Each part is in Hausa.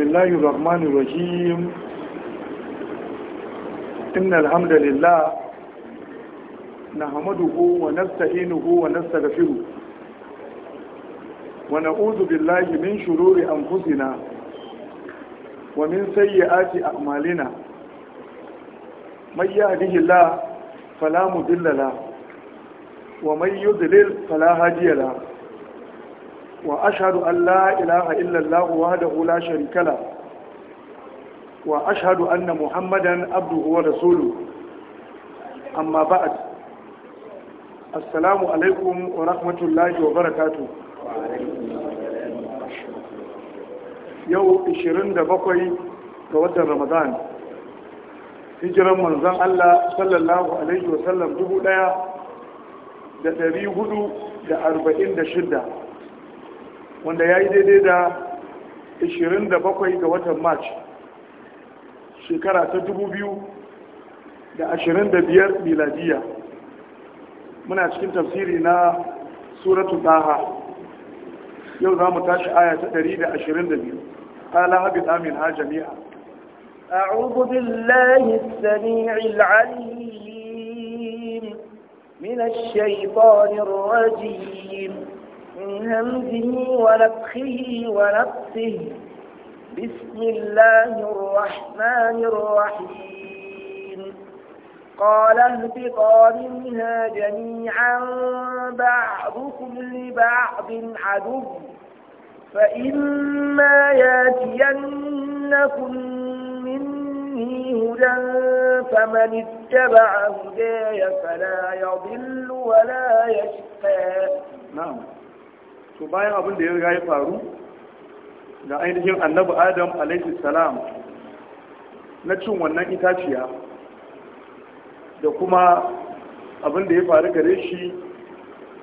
billahi rahmani rahim inna alhamdulillah na hamaduhu wa nasta'inuhu wa nastaghfiruh wa na'udhu billahi min shururi anfusina wa min sayyiati a'malina may yahdihillahu fala mudilla lahu wa may yudlil fala hadiya lahu وأشهد أن لا إله إلا الله وحده لا شريك له وأشهد أن محمدا عبده ورسوله أما بعد السلام عليكم ورحمة الله وبركاته yau 27 ga watan ramadan hijiran manzan Allah sallallahu alaihi wasallam 1446 wanda ya yi daidai da 27 ga watan march shekara ta 2025 miladiya muna cikin tafsiri na suratu taha yau za mu tashi aya ta 122 ala haɗin amin ha jami'a أعوذ بالله السميع العليم من الشيطان الرجيم من همزه ونفخه ونفسه بسم الله الرحمن الرحيم قال اهبطا منها جميعا بعضكم لبعض عدو فإما ياتينكم مني هدى فمن اتبع هداي فلا يضل ولا يشقى نعم to bayan abin da ya riga ya faru da ainihin annabi adam alaihi salam na cin wannan itaciya da kuma abin da ya faru gare shi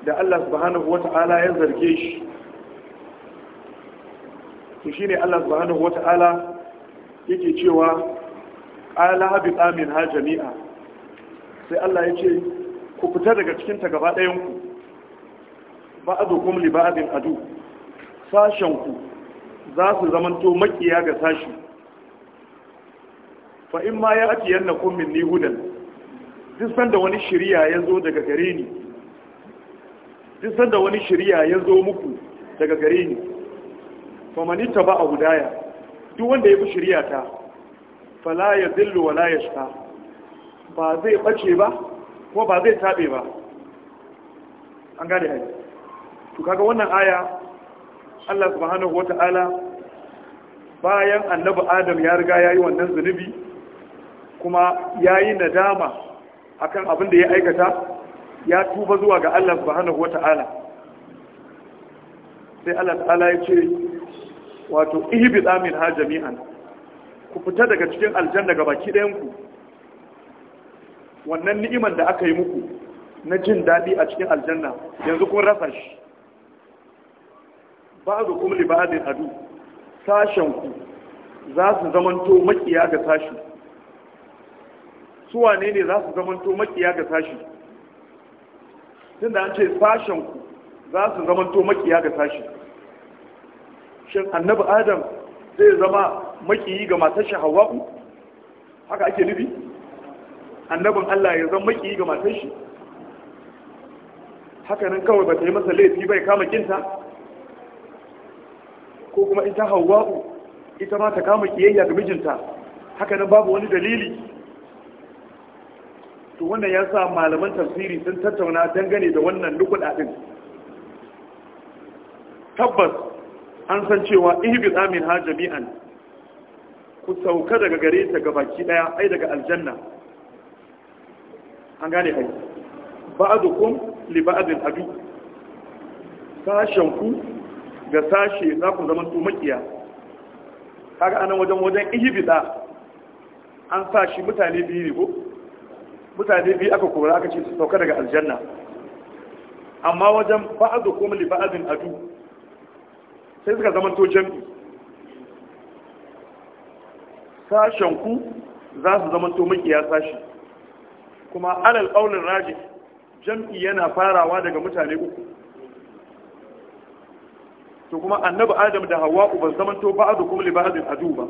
da Allah subhanahu wata'ala ya zarge shi to shine Allah subhanahu wata'ala yake cewa ala habi Amin ha jami'a sai Allah ya ce ku fita daga cikin ta gaba ɗayan ku ba'adukum li ba'din adu sashen ku za su zamanto makiya ga sashi fa in ma ya ati yannakum minni hudan duk sanda wani shari'a ya zo daga gare ni duk sanda wani shari'a ya zo muku daga gare ni fa ba taba hudaya duk wanda ya bi shiriya ta fala yadhillu wala yashqa ba zai bace ba ko ba zai tabe ba an gane haka to kaga wannan aya Allah subhanahu wata'ala bayan annabi adam ya riga yayi wannan zunubi kuma yayi nadama akan abin da ya aikata ya tuba zuwa ga Allah subhanahu wata'ala sai Allah ta'ala ya ce wato ihbi zamin ha jami'an ku fita daga cikin aljanna ga baki ɗayan ku wannan ni'imar da aka yi muku na jin daɗi a cikin aljanna yanzu kun rasa shi ba'adu kuma li ba'adin adu sashen ku za su zamanto makiya ga sashi su wane ne za su zamanto makiya ga sashi tunda an ce sashen ku za su zamanto makiya ga sashi shin annabi adam zai zama makiyi ga matar shahawa'u haka ake nufi annabin Allah ya zama makiyi ga matar shi haka nan kawai ba ta yi masa laifi bai kama kinta ko kuma in ita hauwa'u ita ma ta kama kiyayya ga mijinta haka nan babu wani dalili to wannan ya sa malaman tafsiri sun tattauna dangane da wannan lukuda din tabbas an san cewa ihbi zamin ha jami'an ku sauka daga gare ta ga baki daya ai daga aljanna an gane ai ba'dukum li ba'dil sashen ku ga sashe za ku zama to makiya kaga anan wajen wajen ihibida an sa shi mutane biyu ne ko mutane biyu aka kora aka ce su sauka daga aljanna amma wajen ba'azu kuma li ba'adin adu sai suka zama to jami'i sashen ku za su zama to makiya sashi kuma alal qaulin rajih jam'i yana farawa daga mutane uku to kuma annabi adam da hawa uban zamanto ba'adu kuma li ba'adin adu ba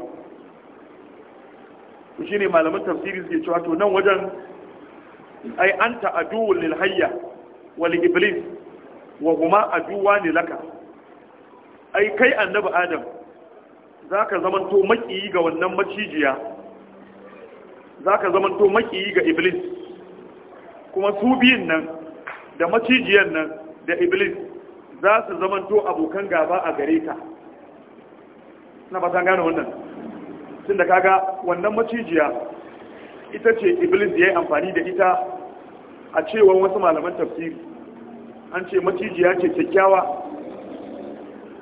to shine malaman tafsiri suke cewa to nan wajen ai an adu lil hayya wal iblis wa huma aduwa ne laka ai kai annabi adam zaka zamanto makiyi ga wannan macijiya zaka zamanto makiyi ga iblis kuma su biyun nan da macijiyan nan da iblis za su zamanto abokan gaba a gare ka na ba gane wannan tun da kaga wannan macijiya ita ce iblis ya yi amfani da ita a cewar wasu malaman tafsiri an ce macijiya ce kyakkyawa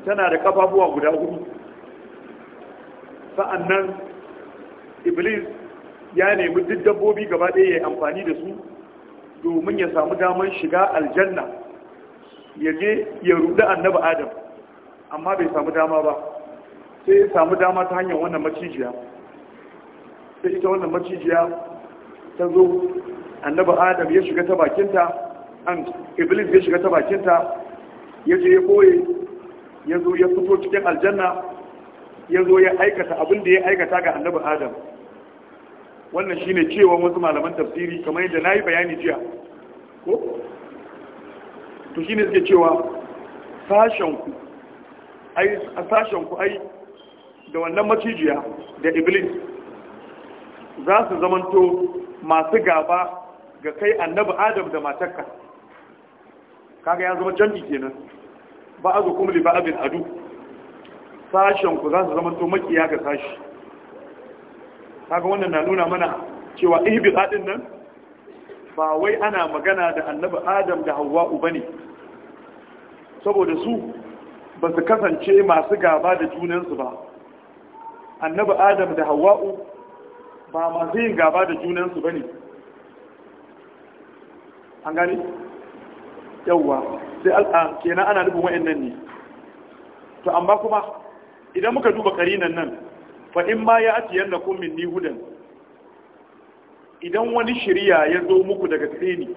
tana da kafafuwa guda hudu sa'annan iblis ya nemi duk dabbobi gaba ɗaya ya yi amfani da su domin ya samu damar shiga aljanna ya je ya rudu annabi adam amma bai samu dama ba sai ya samu dama ta hanyar wannan macijiya sai ita wannan macijiya ta zo annabi adam ya shiga ta bakinta an iblis ya shiga ta bakinta ya je ya koye ya zo ya fito cikin aljanna ya zo ya aikata abin da ya aikata ga annabi adam wannan shine cewa wasu malaman tafsiri kamar yadda na yi bayani jiya ko to shi ne suke cewa sashenku ai a sashenku ai da wannan macijiya da iblis za su zamanto masu gaba ga kai annabi adam da matakka kaga ya zama canji kenan ba a zukum li ba'abin adu sashenku za su zamanto makiya ga sashi kaga wannan na nuna mana cewa ihbi zaɗin nan ba wai ana magana da annabi adam da hawa'u ne. saboda su ba su kasance masu gaba da junansu ba annabi adam da hawa'u ba masu yin gaba da junansu ba ne an gani yauwa sai al'a kenan ana nufin wa'annan ne to amma kuma idan muka duba karinan nan fa in ma ya ati yanda kun min idan wani shirya ya zo muku daga tsini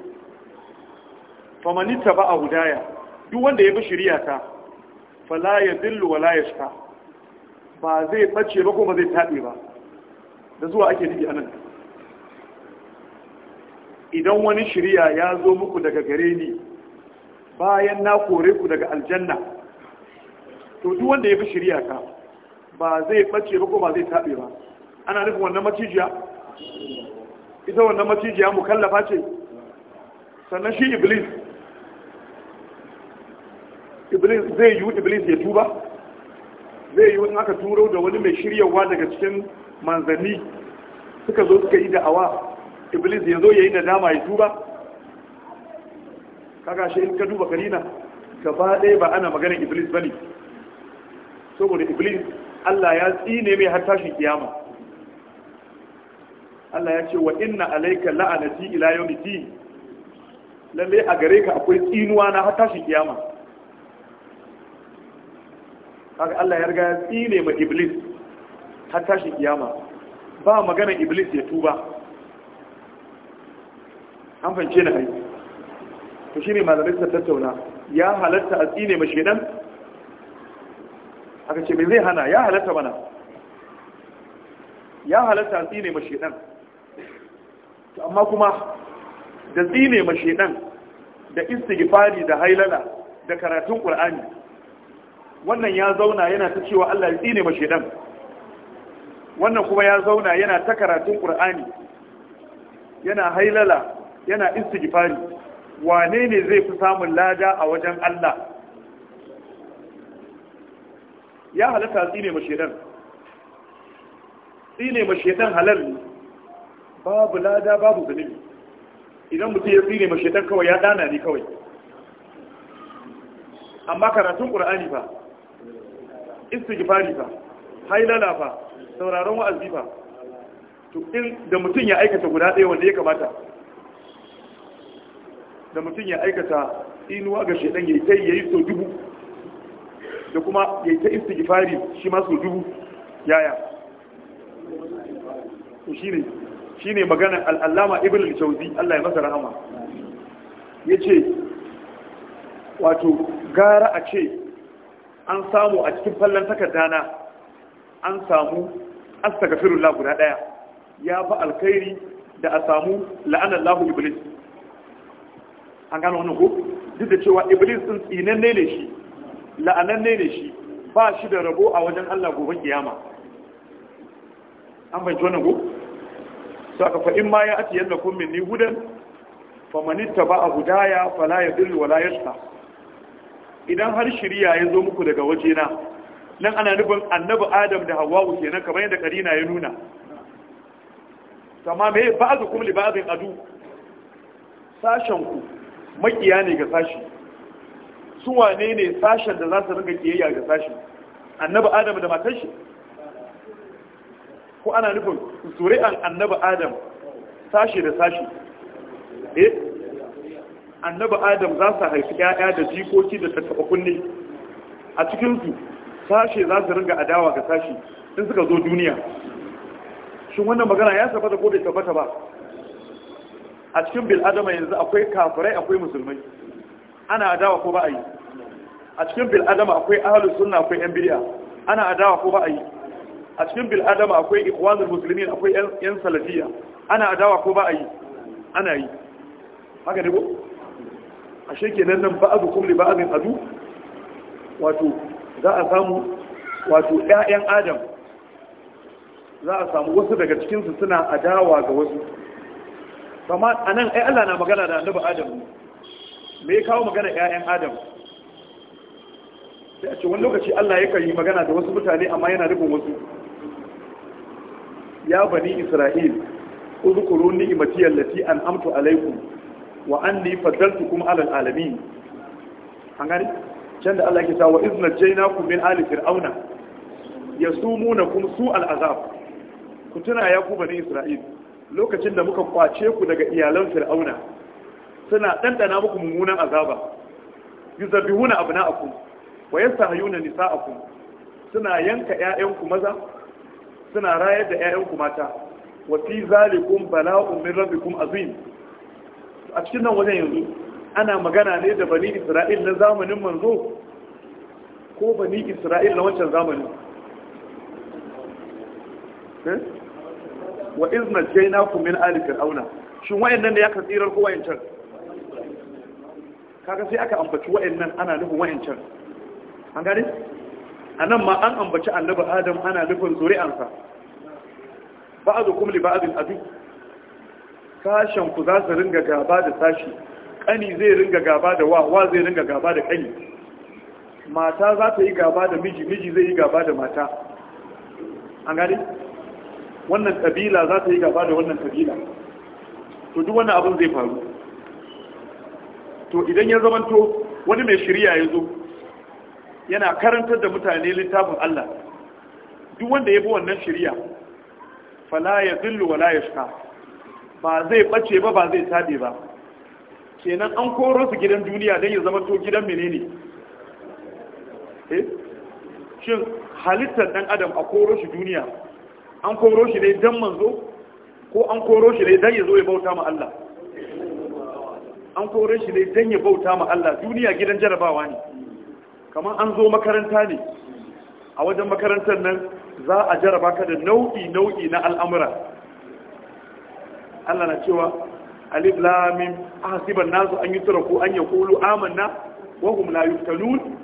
fa manita ba a hudaya duk wanda ya bi shari'a ta fala ya dillu wala yashqa ba zai bace ba kuma zai tabe ba da zuwa ake nufi anan idan wani shari'a ya zo muku daga gare ni bayan na kore ku daga aljanna to duk wanda ya bi shari'a ta ba zai bace ba kuma zai tabe ba ana nufin wannan macijiya ita wannan macijiya mukallafa ce sannan shi iblis zai yi iblis ya tuba zai yi aka turo da wani mai shiryawa daga cikin manzanni suka zo suka yi da'awa iblis ya zo ya yi nadama ya tuba kaga shi in ka duba karina gaba ɗaya ba ana maganin iblis ne, saboda iblis Allah ya tsine mai har tashin kiyama Allah ya ce wa inna alaika la'anati ila din lalle a gare ka akwai tsinuwa na har tashin kiyama kaga Allah ya riga ya tsine ma iblis har tashi kiyama ba magana iblis ya tuba an fance ni haihu to shine malamai suka tattauna ya halatta a tsine ma shedan aka ce me zai hana ya halatta mana ya halatta a tsine ma shedan to amma kuma da tsine ma shedan da istighfari da hailala da karatun qur'ani wannan ya zauna yana ta cewa Allah ya tsine mashi dan wannan kuma ya zauna yana ta karatun Qur'ani yana hailala yana istighfari wane ne zai fi samun lada a wajen Allah ya halatta tsine mashi dan tsine mashi dan halal babu lada babu zunubi idan mutum ya tsine mashi dan kawai ya dana ne kawai amma karatun ƙur'ani ba istighfari fa hailala fa sauraron wa'azi fa to din da mutum ya aikata guda ɗaya wanda ya kamata da mutum ya aikata inuwa ga shedan ya yi yayi so dubu da kuma ya yi ta istighfari shi ma so dubu yaya to shine shine maganar al-allama ibnu al-jawzi Allah ya masa rahama yace wato gara a ce an samu a cikin fallon takardana an samu astagfirullah guda daya ya fa alkhairi da a samu la'anallahu iblis an gano wannan ko duk da cewa iblis din tsinanne ne shi la'ananne ne shi ba shi da rabo a wajen Allah gobe kiyama an bayyana wannan ko saka fa in ma ya ati yannakum minni hudan famanittaba hudaya fala yadhillu wala yashqa idan har shiriya ya zo muku daga wajena nan ana nufin annabi adam da hawa'u kenan kamar yadda karina ya nuna sama me ba'azu kum kuma ba'azin adu sashen ku makiya ne ga sashi su wane ne sashen da za su ringa kiyayya ga sashi annabi adam da matan shi ko ana nufin zuri'an annabi adam sashi da sashi eh annaba adam za su haifi 'ya'ya da jikoki da tattaba kunne a cikin su sashe za su ringa adawa ga sashi in suka zo duniya shin wannan magana ya tabbata ko da tabbata ba a cikin bil adama yanzu akwai kafirai akwai musulmai ana adawa ko ba a yi a cikin bil adama akwai ahalus sunna akwai yan bid'a ana adawa ko ba a yi a cikin bil adama akwai ikhwanul muslimin akwai yan salafiyya ana adawa ko ba a yi ana yi haka ne ko ashe kenan nan ba'dukum kulli ba'din adu wato za a samu wato ƴaƴan adam za a samu wasu daga cikin su suna adawa ga wasu amma anan ai Allah na magana da annabi adam me ya kawo magana ƴaƴan adam sai a ce wani lokaci Allah yake yi magana da wasu mutane amma yana rubun wasu ya bani isra'il uzkuru ni'mati allati an'amtu alaykum wa anni faddaltukum alal alami. an gani can da Allah ke sa wa izna jainakum min ali fir'auna yasumunakum su al'azab ku tuna ya ku bani isra'il lokacin da muka kwace ku daga iyalan fir'auna suna dandana muku mummunan azaba yuzabbihuna abna'akum wa yastahiyuna nisa'akum suna yanka ƴaƴanku maza suna rayar da ƴaƴanku mata wa fi zalikum bala'un min rabbikum azim a cikin nan wajen yanzu ana magana ne da bani isra'il na zamanin manzo ko bani isra'il na wancan zamanin eh? wa izna jaina ku min ali fir'auna shin wayannan ne aka tsirar ko wayancan kaga sai aka ambaci wayannan ana nufin wayancan an gane anan ma an ambaci annabi adam ana nufin zuri'ansa ba'dukum li ba'din adu sashen ku za su ringa gaba da sashi ƙani zai ringa gaba da wa wa zai ringa gaba da ƙani. mata za ta yi gaba da miji miji zai yi gaba da mata an gani wannan ƙabila za ta yi gaba da wannan ƙabila to duk wannan abin zai faru to idan ya zamanto wani mai shirya ya zo yana karantar da mutane littafin Allah duk wanda ya bi wannan shirya fala ya zillu wala ya shka ba zai bace ba ba zai tabe ba kenan an koro su gidan duniya don ya zama to gidan menene eh shin halittar dan adam a koro shi duniya an koro shi ne dan manzo ko an koro shi ne dan ya zo ya bauta ma Allah an koro shi ne dan ya bauta ma Allah duniya gidan jarabawa ne kamar an zo makaranta ne a wajen makarantar nan za a jaraba ka da nau'i nau'i na al'amura Allah na cewa alif lam ahsiban nasu an ko an yaqulu amanna wa hum la yuftanun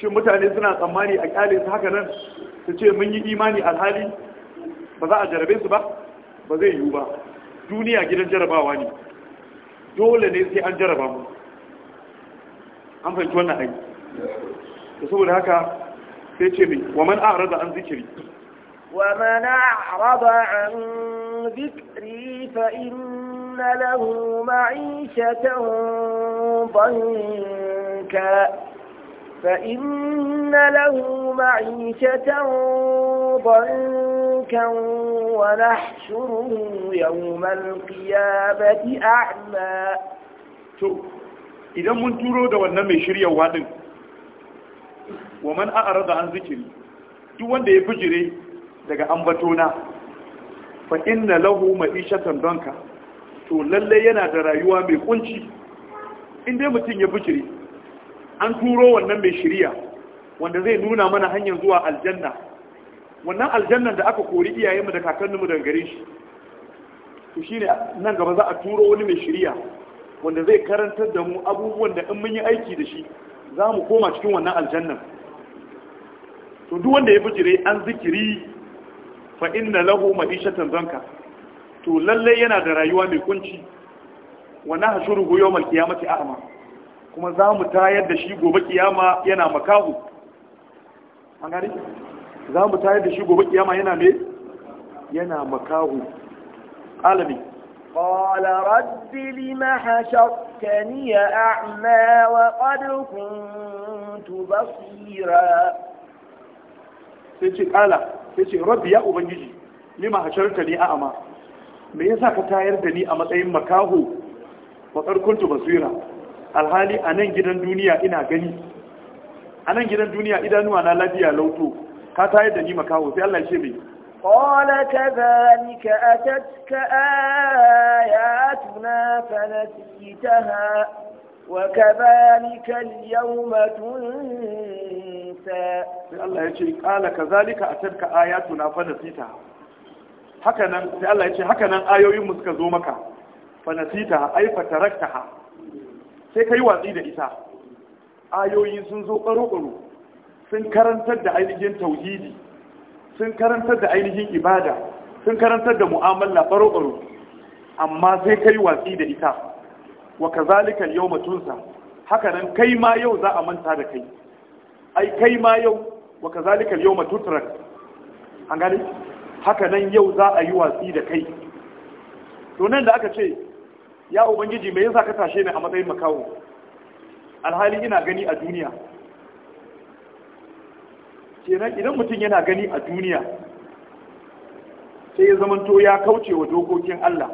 shin mutane suna tsammani a kyale su haka nan su ce mun yi imani alhali ba za a jarabe su ba ba zai yiwu ba duniya gidan jarabawa ne dole ne sai an jaraba mu an fahimci wannan aiki da saboda haka sai ce mai wa man a'rada an zikiri ومن أعرض عن ذكري فإن له معيشة ضنكا فإن له معيشة ضنكا ونحشره يوم القيامة أعمى إذا من تورو دوان نمي شريا وادن ومن أعرض عن ذكري duk wanda ya fi daga ambatona fa inna lahu ma'ishatan danka to lalle yana da rayuwa mai kunci in dai mutum ya bujiri an turo wannan mai shiriya wanda zai nuna mana hanyar zuwa aljanna wannan aljannan da aka kori iyayenmu da kakanninmu daga gare shi to shine nan gaba za a turo wani mai shiriya wanda zai karantar da mu abubuwan da in mun yi aiki da shi za mu koma cikin wannan aljannan to duk wanda ya bijire an zikiri fa inna lahu ma'ishatan zanka to lalle yana da rayuwa mai kunci wa nahshuruhu yawmal qiyamati a'ma kuma za mu tayar da shi gobe kiyama yana makahu an gari za mu tayar da shi gobe kiyama yana me yana makahu alami قال رب لم حشرتني أعمى وقد كنت بصيرا سيتي قال ya ce rabbi ya ubangiji lima hasharta ni a'ama me yasa ka tayar da ni a matsayin makaho wa kuntu basira alhali a nan gidan duniya ina gani a nan gidan duniya idanuwa na lafiya lauto ka tayar da ni makaho sai Allah ya ce mai وكذلك اليوم تنسى الله يجي قال كذلك أتبك آياتنا فنسيتها hakanan sai Allah ya hakanan ayoyin suka zo maka fa nasita ay fa taraktaha sai kai watsi da ita sun zo sun karantar da ainihin tauhidi sun karantar da ainihin ibada sun karantar da mu'amala baro-baro amma sai kai watsi da ita wa kazalika al-yawma tunsa haka nan kai ma yau za a manta da kai ai kai ma yau wa kazalika al-yawma tutrak an gane haka nan yau za a yi watsi da kai to nan da aka ce ya ubangiji me yasa ka tashe ni a matsayin makawo alhali ina gani a duniya kenan idan mutum yana gani a duniya sai ya zamanto ya kauce wa dokokin Allah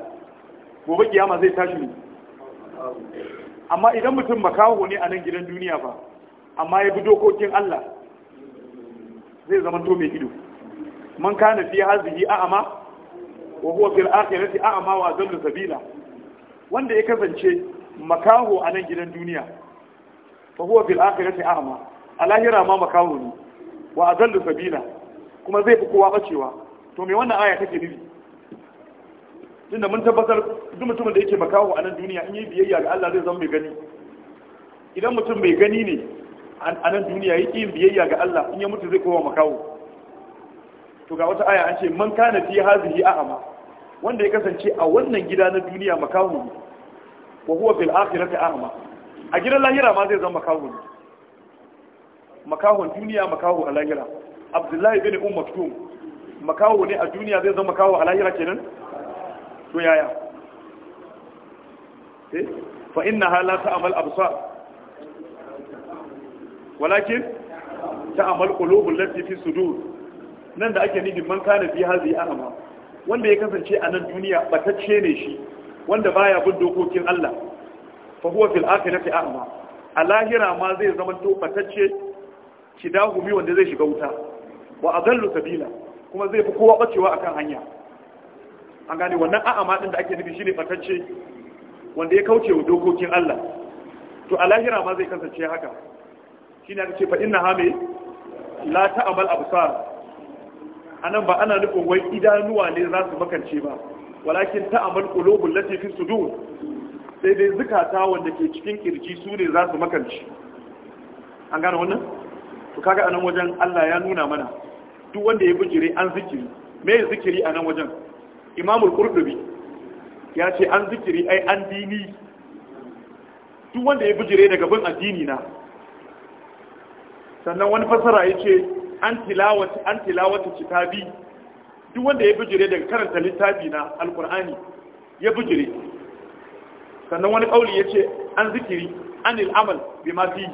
gobe kiyama zai tashi ne amma idan mutum makaho ne a nan gidan duniya ba amma ya bi dokokin Allah zai zama to mai ido man kana fi hazihi a'ama wa huwa fil akhirati a'ama wa adallu sabila wanda ya kasance makaho a nan gidan duniya fa huwa fil akhirati a'ama a lahira ma makaho ne wa adallu sabila kuma zai fi kowa bacewa to me wannan aya take nufi tunda mun tabbatar duk mutumin da yake makaho a nan duniya in yi biyayya ga Allah zai zama mai gani idan mutum mai gani ne a nan duniya yi yin biyayya ga Allah in ya mutu zai kowa makaho to ga wata aya an ce man kana fi hazihi a'ama wanda ya kasance a wannan gida na duniya makaho ne wa huwa fil akhirati a'ama a gidan lahira ma zai zama makaho ne makahon duniya makaho a lahira abdullahi bin ummatum makaho ne a duniya zai zama makaho a lahira kenan to yaya eh? fa inna hala ta'amal absar walakin ta'amal qulubul lati fi sudur nan da ake nufin man kana fi hazi a'ma wanda ya kasance a nan duniya batacce ne shi wanda baya bin dokokin Allah fa huwa fil akhirati a'ama. a lahira ma zai zama to batacce kidahumi wanda zai shiga wuta wa adallu sabila kuma zai fi kowa bacewa akan hanya an gane wannan a'ama din da ake nufi shine fatacce wanda ya kauce wa dokokin Allah to a lahira ma zai kasance haka shine aka ce fa inna hame la ta'mal absar anan ba ana nufin wai idanuwa ne za su makance ba walakin ta'mal qulubul lati fi sudur sai dai zukata wanda ke cikin kirji su ne za su makance an gane wannan to kaga anan wajen Allah ya nuna mana duk wanda ya bujire an zikiri me zikiri anan wajen imamul qurtubi ya ce an zikiri ai an dini duk wanda ya bijire daga bin addini na sannan wani fasara ya ce an tilawata an tilawata kitabi duk wanda ya bijire daga karanta littafi na alkur'ani ya bijire sannan wani kauli ya ce an zikiri an il'amal bi ma fi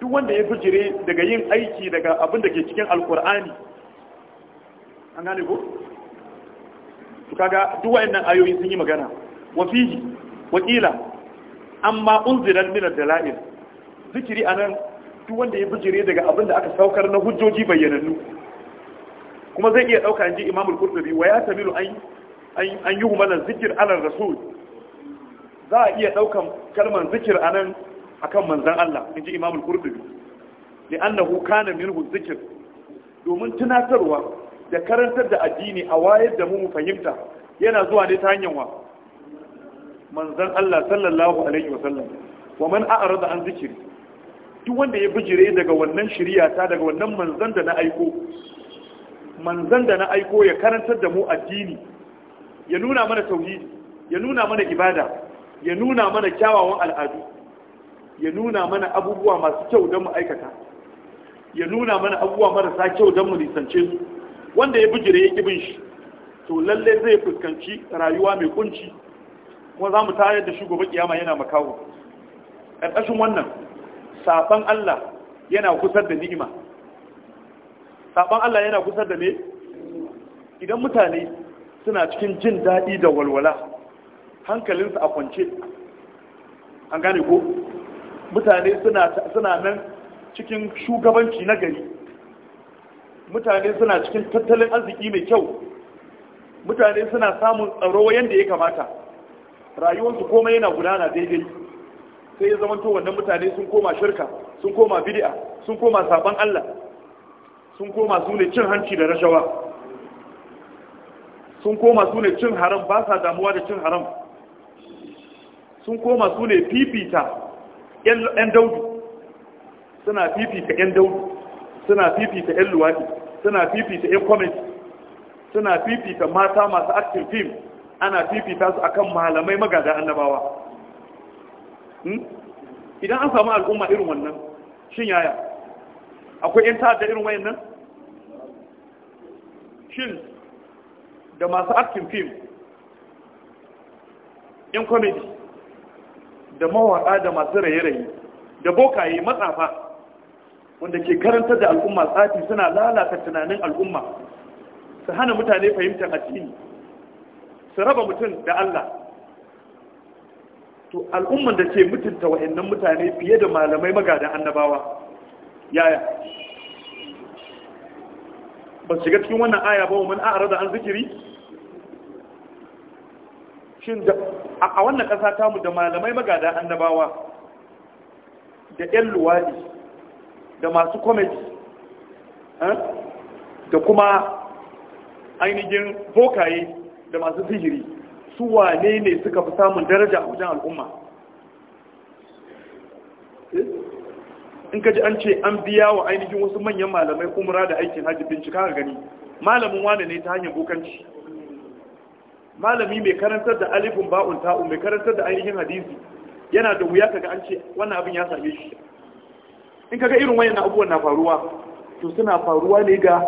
duk wanda ya bijire daga yin aiki daga abin da ke cikin alkur'ani an gane ko kaga duk wayannan ayoyi sun yi magana wa fihi wa qila amma unziran min ad-dalail zikiri anan duk wanda ya bijire daga abin da aka saukar na hujjoji bayyanannu kuma zai iya dauka inji Imam al-Qurtubi wa ya tamilu an an yi humana zikir anan rasul za a iya daukan kalmar zikir anan akan manzon Allah inji Imam al-Qurtubi li annahu kana minhu zikir domin tunatarwa da karantar da addini a wayar da mu mu fahimta yana zuwa ne ta hanyar wa manzon Allah sallallahu alaihi wa sallam wa man a'rada an zikiri duk wanda ya bijire daga wannan shari'a ta daga wannan manzon da na aiko manzon da na aiko ya karantar da mu addini ya nuna mana tauhidi ya nuna mana ibada ya nuna mana kyawawan al'adu ya nuna mana abubuwa masu kyau don mu aikata ya nuna mana abubuwa marasa kyau don mu nisance su wanda ya bijire ya kibin shi to lalle zai fuskanci rayuwa mai kunci kuma za mu tayar da shi gobe kiyama yana makawo ƙarƙashin wannan safan Allah yana kusar da ni'ima safan Allah yana kusar da ne idan mutane suna cikin jin daɗi da walwala hankalinsu a kwance an gane ko mutane suna nan cikin shugabanci na gari mutane suna cikin tattalin arziki mai kyau mutane suna samun tsaro yadda ya kamata rayuwarsu komai yana gudana daidai sai ya zama to wannan mutane sun koma shirka sun koma bid'a sun koma saban Allah sun koma su ne cin hanci da rashawa sun koma su ne cin haram ba sa damuwa da cin haram sun koma su ne fifita 'yan daudu suna fifita 'yan daudu suna fifita 'yan luwaɗi suna fifita yan comedy suna fifita mata masu active fim, ana fifita su akan malamai magada annabawa hmm? idan an samu al'umma irin wannan shin yaya akwai yin ta'adda irin nan shin da masu active fim, yan comedy da mawaƙa da masu raye-raye da bokaye matsafa wanda ke karanta da al'umma tsafi suna lalata tunanin al'umma su hana mutane fahimtar addini su raba mutum da Allah to al'umman da ke mutunta wa'annan mutane fiye da malamai magadan annabawa yaya ba shiga cikin wannan aya ba wa man a'rada an zikiri shin a wannan ƙasa tamu da malamai magadan annabawa da 'yan luwadi da masu comedy eh, da kuma ainihin bokaye da masu sihiri su wane ne suka fi samun daraja a wajen al'umma eh, in ka ji an ce an biya wa ainihin wasu manyan malamai umra da aikin hajji bincika a gani malamin wane ne ta hanyar bokanci malami mai karantar da alifin ba'un ta'u mai karantar da ainihin hadisi yana da wuya kaga an ce wannan abin ya same shi in kaga irin wayan abubuwan na faruwa to suna faruwa ne ga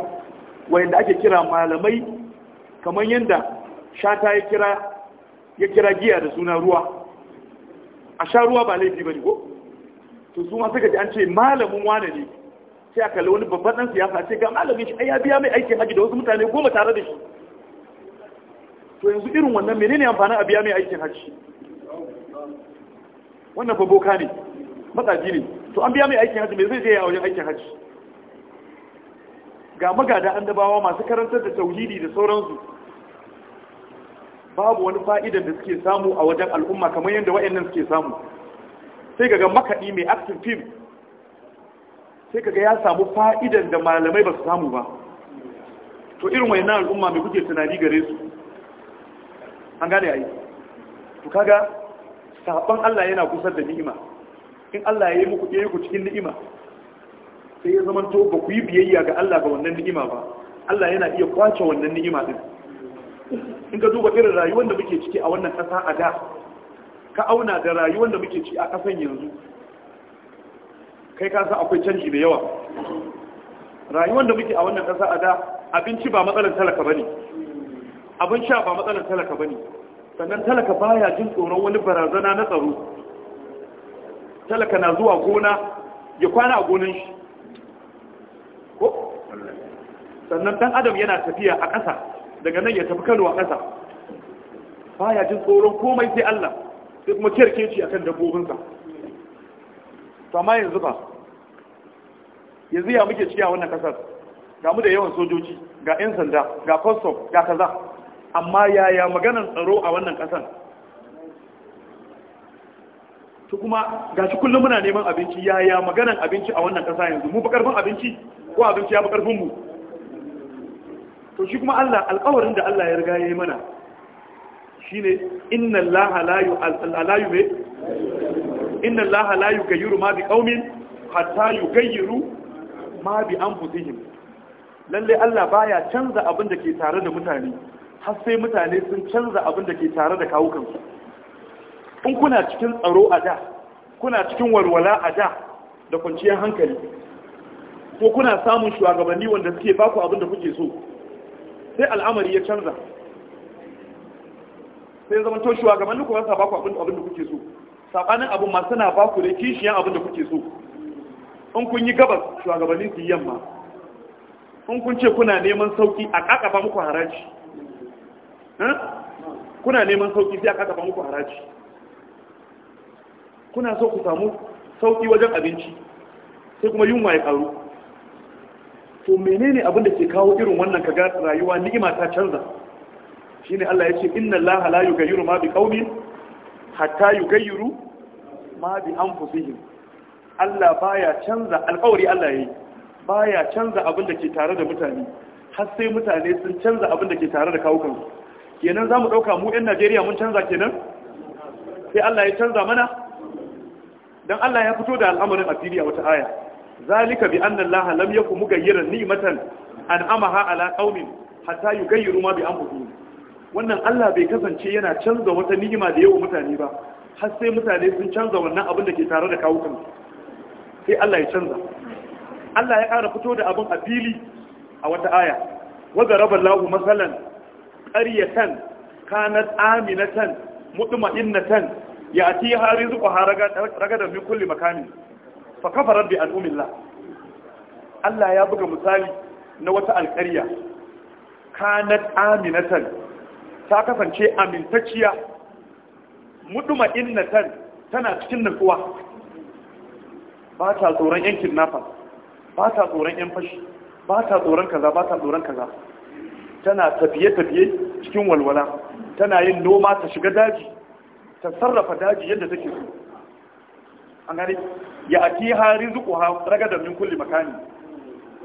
wayanda ake kira malamai kamar yadda shata ya kira ya kira giya da suna ruwa a sha ruwa ba laifi bane ko to su ma suka ji an ce malamin wane ne sai a kalli wani babban dan siyasa ce ga malamin shi ai ya biya mai aikin haji da wasu mutane goma tare da shi to yanzu irin wannan menene amfanin a biya mai aikin haji wannan fa boka ne matsaji ne to an biya mai aikin hajji mai zai zai a aikin hajji ga magada an dabawa masu karantar da tauhidi da sauransu babu wani fa'idan da suke samu a wajen al'umma kamar yadda wayannan suke samu sai kaga makaɗi mai active fim. sai kaga ya samu fa'idan da malamai ba su samu ba to irin wayannan al'umma mai kuke tunani gare su an gane yi to kaga sabon Allah yana kusa da ni'ima in Allah ya yi muku ya yi ku cikin ni'ima sai ya zama to ba ku yi biyayya ga Allah ga wannan ni'ima ba Allah yana iya kwace wannan ni'ima din in ka duba irin rayuwar da muke ciki a wannan ƙasa a da ka auna da rayuwar da muke ciki a ƙasan yanzu kai ka san akwai canji da yawa rayuwar da muke a wannan ƙasa a da abinci ba matsalar talaka bane abin sha ba matsalar talaka bane sannan talaka baya jin tsoron wani barazana na tsaro talaka na zuwa gona ya kwana a gonin shi ko sannan dan adam yana tafiya a ƙasa daga nan ya tafi Kano a ƙasa Ba ya jin tsoron komai sai Allah sai kuma kerkeci akan dabbobinsa to amma yanzu ba yanzu ya muke ciki a wannan ƙasar ga mu da yawan sojoji ga 'yan sanda ga custom ga kaza amma yaya maganar tsaro a wannan ƙasar su kuma gashi kullum muna neman abinci ya maganan abinci a wannan ƙasa yanzu mu bakar ƙarfin abinci ko abinci ya bakar ƙarfin mu to shi kuma Allah alƙawarin da Allah ya riga ya yi mana shine inna Allah la yu'alayu bi inna Allah la yughayyiru ma bi qaumin hatta yughayyiru ma bi anfusihim lalle Allah baya canza abin da ke tare da mutane har sai mutane sun canza abin da ke tare da kawukansu in kuna cikin tsaro a da kuna cikin walwala a da da kwanciyar hankali ko kuna samun shugabanni wanda suke baku abin da kuke so sai al'amari ya canza sai zama to shugabanni kuma sa baku abin da kuke so sakanin abin ma suna baku da kishiyan abin da kuke so in kun yi gabas shugabanni su yamma in kun ce kuna neman sauki a kakaba muku haraji kuna neman sauki sai a kakaba muku haraji kuna so ku samu sauki wajen abinci sai kuma yunwa ya karu to menene abin da ke kawo irin wannan kaga rayuwa ni'ima ta canza shine Allah ya ce inna Allah la yughayyiru ma bi biqaumin hatta yughayyiru ma bi anfusihim Allah baya canza alƙawari Allah yayi baya canza abin da ke tare da mutane har sai mutane sun canza abin da ke tare da kawukan kenan zamu dauka mu ɗan Najeriya mun canza kenan sai Allah ya canza mana dan Allah ya fito da al'amarin asiri a wata aya zalika bi anna Allah lam yakum mughayyiran ni'matan an'amaha ala qaumin hatta yughayyiru ma bi anfusihim wannan Allah bai kasance yana canza wata ni'ima da yawa mutane ba har sai mutane sun canza wannan abin da ke tare da kawukan sai Allah ya canza Allah ya ƙara fito da abin a fili a wata aya wadda rabar lahu matsalan ƙaryatan kanat aminatan mutuma'innatan ya ati ha rizqu ha raga da min kulli makani fa kafara bi al'umillah Allah ya buga misali na wata alƙarya kanat aminatan ta kasance amintacciya muduma innatan tana cikin nutsuwa ba ta tsoron yankin nafa ba ta tsoron yan fashi ba ta tsoron kaza ba ta tsoron kaza tana tafiye-tafiye cikin walwala tana yin noma ta shiga daji ta sarrafa daji yadda take so an gane ya ati ha rizquha min kulli makani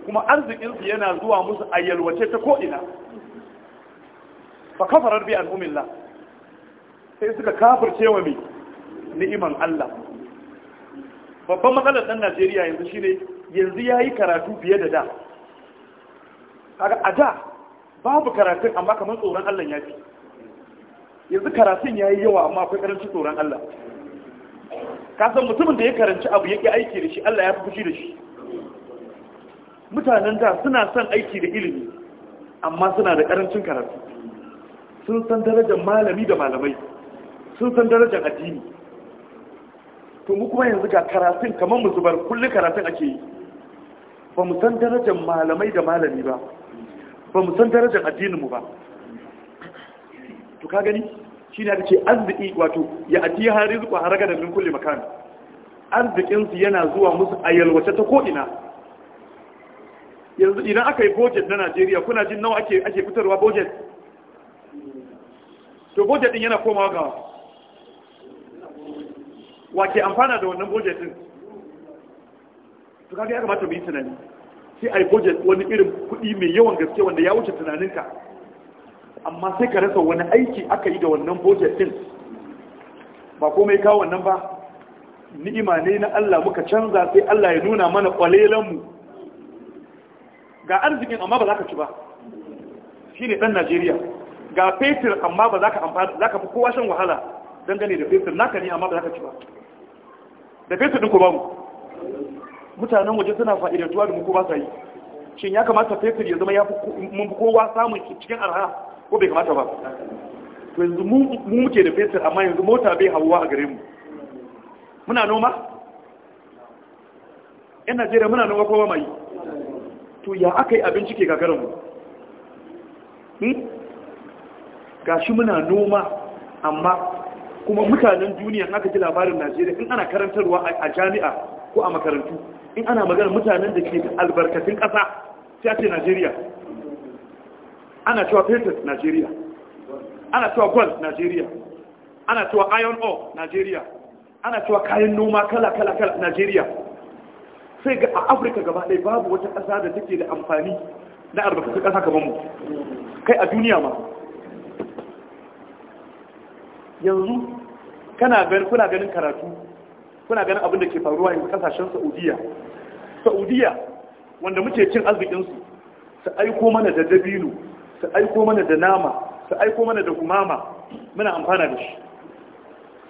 kuma arzikin su yana zuwa musu a yalwace ta ko ina fa kafarar bi al'umillah sai suka kafirce wa mai ni'iman Allah babban matsalar ɗan Najeriya yanzu shine yanzu yayi karatu fiye da da kaga a da babu karatu amma kamar tsoron Allah ya fi yanzu karatun ya yi yawa amma akwai karanci tsoron Allah Kasan mutumin da ya karanci abu ya ƙi aiki da shi Allah ya fi fushi da shi mutanen da suna son aiki da ilimi amma suna da karancin karatu sun san darajar malami da malamai sun san darajar addini to mu kuma yanzu ga karatun kamar mu zubar kullum karatun ake yi ba mu san darajar malamai da malami ba ba mu san darajar addinin mu ba to ka gani shi ne ake arziki wato ya ati har rizqu haraga da min kulli makan arzikin su yana zuwa musu a yalwace ta ko'ina. yanzu idan aka yi budget na Najeriya kuna jin nawa ake ake fitarwa budget to budget din yana komawa ga wake amfana da wannan budget din to kaga ya kamata mu yi tunani sai ai budget wani irin kuɗi mai yawan gaske wanda ya wuce tunaninka amma sai ka rasa wani aiki aka yi da wannan budget din ba komai kawo wannan ba ni'ima ne na Allah muka canza sai Allah ya nuna mana kwalelanmu ga arzikin amma ba za ka ci ba shi ne ɗan Najeriya ga fetur amma ba za ka amfana za ka fi kowa shan wahala dangane da fetur naka ne amma ba za ka ci ba da fetur din ku ba mu mutanen waje suna fa'idantuwa da mu ba sa yi shin ya kamata fetur ya zama ya fi kowa samun cikin arha ko bai kamata ba to yanzu mu muke da fetur amma yanzu mota bai hawa a gare mu muna noma yan najeriya muna noma kowa mai to ya aka yi abinci ke gagarinmu hmm? ga shi muna noma amma kuma mutanen duniya in aka ji labarin najeriya in ana karantarwa a jami'a ko a makarantu in ana magana mutanen da ke albarkatun ƙasa sai a ce najeriya ana cewa petrus nigeria ana cewa gold nigeria ana cewa iron ore nigeria ana cewa kayan noma kala-kala nigeria sai ga a afirka gaba ɗaya babu wata ƙasa da take da amfani na albarkatun ƙasa gaban mu kai a duniya ma yanzu kana kuna ganin karatu kuna ganin abin da ke faruwa yanzu kasashen saudiya saudiya wanda muke cin arzikinsu su aiko mana da dabino su aiko mana da nama su aiko mana da kumama muna amfana da shi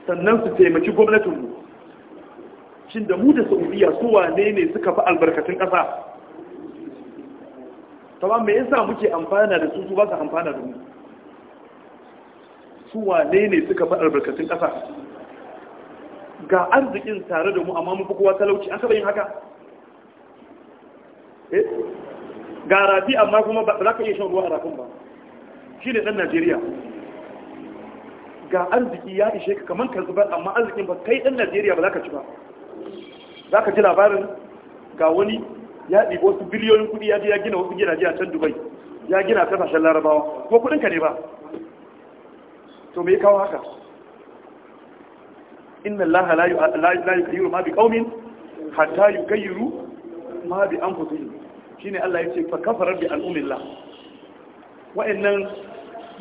sannan su taimaki gwamnatinmu shin da mu da saudiya su wane ne suka fi albarkatun ƙasa tamam me yasa muke amfana da su su ba su amfana da mu su wane ne suka fi albarkatun ƙasa ga arzikin tare da mu amma mun fi kowa talauci an taɓa yin haka eh ga rafi amma kuma ba za ka iya shan ruwa a rafin ba shi ne ɗan najeriya ga arziki ya ishe ka kamar ka zubar amma arzikin ba kai ɗan najeriya ba za ka ci ba za ka ji labarin ga wani ya ɗi wasu biliyoyin kuɗi ya gina wasu gina a can dubai ya gina kasashen larabawa ko kuɗinka ne ba to me kawo haka inna allaha la yughayyiru ma bi qaumin hatta yughayyiru ma bi anfusihim shine Allah ya ce fa kafara bi al'umillah wa'annan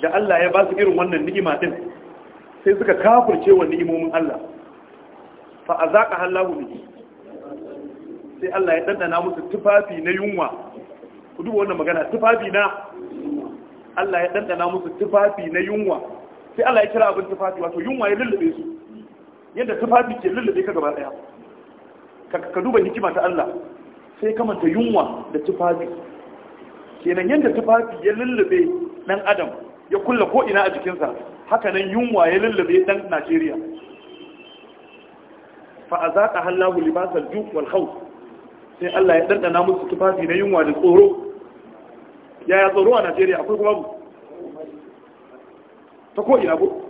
da Allah ya ba su irin wannan ni'ima din sai suka kafirce wa ni'imomin Allah fa zaƙa Allahu bihi sai Allah ya dandana musu tufafi na yunwa ku duba wannan magana tufafi na Allah ya dandana musu tufafi na yunwa sai Allah ya kira abin tufafi wato yunwa ya lullube su yadda tufafi ke lullube ka gaba daya ka duba hikima ta Allah sai kamanta yunwa da tufafi kenan yadda tufafi ya lullube ɗan adam ya kulla ko'ina a jikinsa haka nan yunwa ya lullube ɗan najeriya zaƙa hallahu libasar juk wal khawf sai allah ya ɗanɗana musu tufafi na yunwa da tsoro yaya tsoro a najeriya akwai kuma bu ta ko'ina ko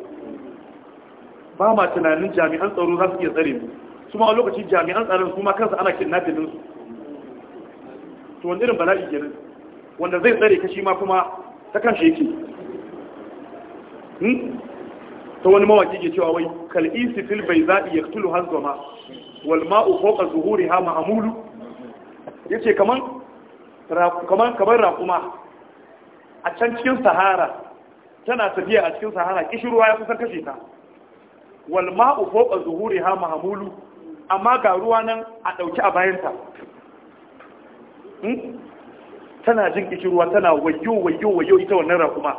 ba ma tunanin jami'an tsaro za su iya tsare mu su ma a lokacin jami'an tsaron su ma kansa ana kidnapping su to wani irin bala'i kenan wanda zai tsare ka shi ma kuma ta kan shi hmm? ta wani mawaki ke cewa wai kal'isi fil bai zaɗi ya tulu hazgama wal ma'u foka zuhuri ha ma'amulu ya ce kamar raƙuma a can cikin sahara tana tafiya a cikin sahara ruwa ya kusan kashe ta wal ma'u foka zuhuri ha ma'amulu amma ga ruwa nan a ɗauki a bayanta Hmm? tana jin kishirwa tana wayo wayo wayo ita wannan raƙuma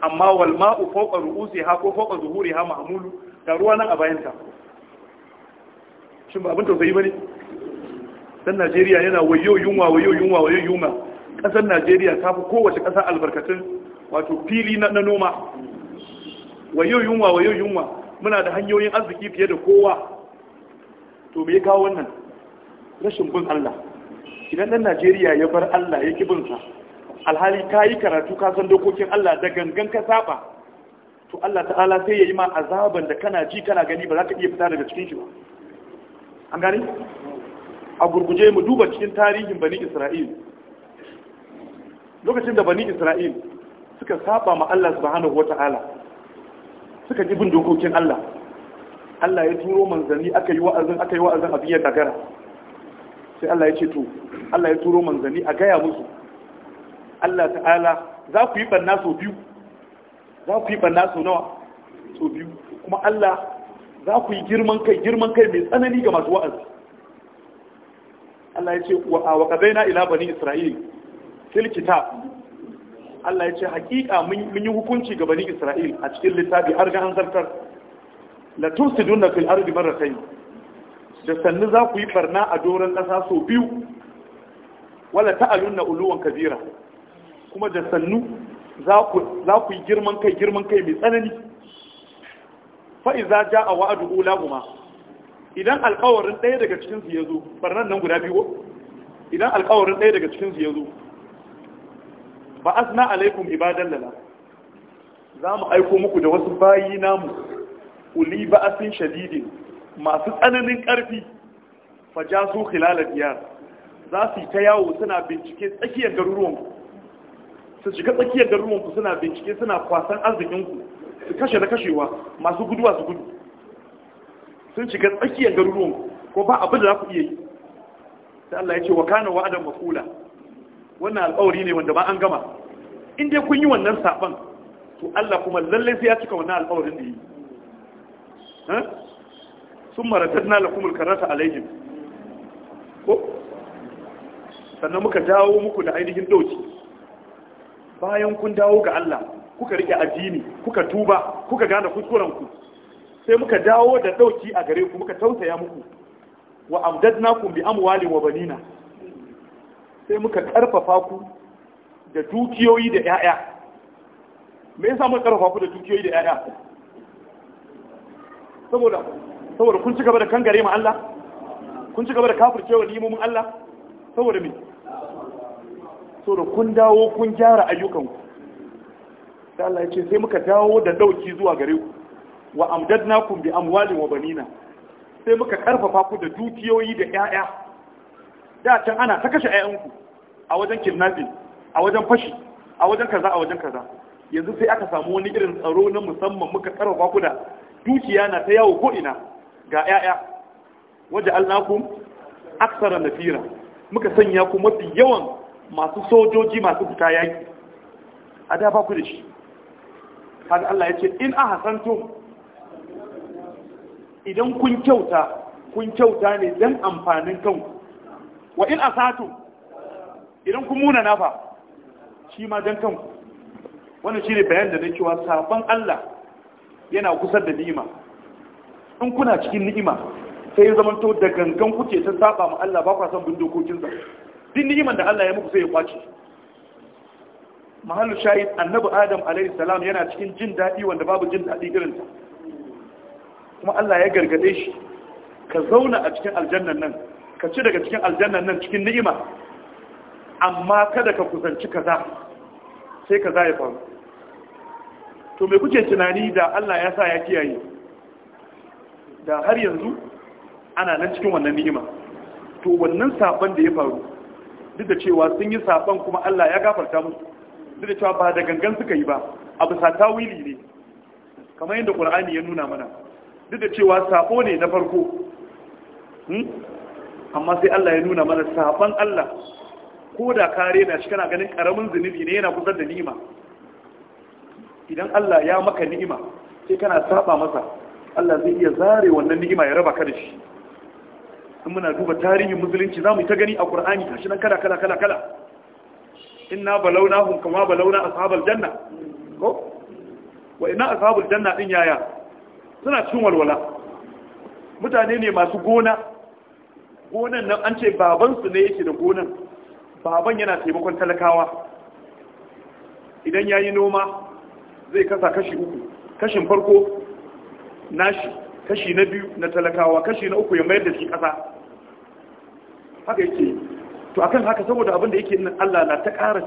amma wal ma'u fawqa ha ko fawqa ha mahmulu da ruwa nan a bayanta shin ba abin tausayi bane dan Najeriya yana wayo yunwa wayo yunwa wayo yunwa kasar Najeriya ta fi kowace ƙasa albarkatun wato fili na noma wayo yunwa wayo yunwa muna da hanyoyin arziki fiye da kowa to me ya kawo wannan rashin bin Allah idan ɗan najeriya ya bar allah ya kibinsa alhali ka yi karatu ka san dokokin allah da gangan ka saba to allah ta'ala sai ya yi ma azaban da kana ji kana gani ba za ka iya fita daga cikin shi ba an gani a gurguje mu duba cikin tarihin bani isra'il lokacin da bani isra'il suka saba ma allah subhanahu wata'ala suka ji bin dokokin allah allah ya turo manzanni aka yi wa'azin aka yi wa'azin abin ya gagara sai Allah ya ce to Allah ya turo manzanni a gaya musu Allah ta'ala za ku yi banna sau biyu za ku yi banna sau nawa sau biyu kuma Allah za ku yi girman kai girman kai mai tsanani ga masu wa'azi Allah ya ce wa qadaina ila bani isra'il fil kitab Allah ya ce hakika mun yi hukunci ga bani isra'il a cikin littafi har ga an zartar la tusiduna fil ardi marratayn da sannu za ku yi barna a doron ƙasa sau biyu wala ta'alun na uluwan kabira kuma da sannu za ku yi girman kai girman kai mai tsanani fa'iza ja a wa'adu ula kuma idan alkawarin ɗaya daga cikinsu ya zo barnan nan guda biyu idan alkawarin ɗaya daga cikinsu ya zo ba asna alaikum ibadan lala za mu aiko muku da wasu bayi namu uli ba'asin shadidin masu tsananin ƙarfi faja su khilala biyar za su ta yawo suna bincike tsakiyar garuruwanku su shiga tsakiyar garuruwanku suna bincike suna kwasan arzikinku su kashe na kashewa masu guduwa su gudu sun shiga tsakiyar garuruwanku ko ba abin da za ku iya yi sai Allah ya ce wa kana adam makula wannan alƙawari ne wanda ba an gama in dai kun yi wannan saban to Allah kuma lalle sai ya cika wannan alƙawarin da yi sun na lakumul a alaihim ko sannan muka dawo muku da ainihin dauki bayan kun dawo ga Allah kuka rike addini kuka tuba kuka gane kuskurenku sai muka dawo da dauki a gare ku muka tausaya muku wa amdadnakum bi amwali wa banina sai muka karfafa ku da dukiyoyi da 'ya'ya. me yasa muka karfafa ku da dukiyoyi da 'ya'ya? saboda saboda kun ci gaba da kangare ma Allah kun ci gaba da kafircewa limomin Allah saboda me saboda kun dawo kun gyara ayyukanku sai Allah ya ce sai muka dawo da dauki zuwa gare ku wa amdadnakum bi amwali wa banina sai muka karfafa ku da dukiyoyi da ƴaƴa da can ana ta kashe ƴaƴanku a wajen kidnapping a wajen fashi a wajen kaza a wajen kaza yanzu sai aka samu wani irin tsaro na musamman muka karfafa ku da dukiya na ta yawo ko ina ga ƴaƴa waje alnakum aksara nafira muka sanya ku mafi yawan masu sojoji masu fita yaki a da ba ku da shi kaga Allah ya ce in ahsantum idan kun kyauta kun kyauta ne dan amfanin kanku wa in asatum idan kun muna nafa shi ma dan kanku wannan shine bayan da na cewa sabon Allah yana kusa da nima in kuna cikin ni'ima sai zamanto da gangan kuke sun saba ma Allah ba kwa san bin dokokinsa din ni'iman da Allah ya muku sai ya kwace mahallu shahid annabi adam alaihi salam yana cikin jin daɗi wanda babu jin irin sa kuma Allah ya gargade shi ka zauna a cikin aljannan nan ka ci daga cikin aljannan nan cikin ni'ima amma kada ka kusanci kaza sai kaza ya faru to me kuke tunani da Allah ya sa ya kiyaye da har yanzu ana nan cikin wannan ni'ima to wannan saban da ya faru duk da cewa sun yi saban kuma Allah ya gafarta musu duk da cewa ba da gangan suka yi ba abu bisa tawili ne kamar yadda Qur'ani ya nuna mana duk da cewa sabo ne na farko hmm, amma sai Allah ya nuna mana saban Allah ko da kare na shi kana ganin karamin zunubi ne yana kusa da ni'ima idan Allah ya maka ni'ima sai kana saba masa Allah zai iya zare wannan ni'ima ya raba ka da shi in muna duba tarihin musulunci za mu ta gani a ƙur'ani gashi nan kala kala kala kala inna balawnahum kama balawna ashabal janna ko wa inna ashabul janna din yaya suna cikin walwala mutane ne masu gona gonan nan an ce babansu ne yake da gonan baban yana taimakon talakawa idan ya yi noma zai kasa kashi uku kashin farko nashi kashi na biyu na talakawa kashi na uku ya mayar da shi kasa. haka yake to akan haka saboda abin da yake nan Allah na ta ƙara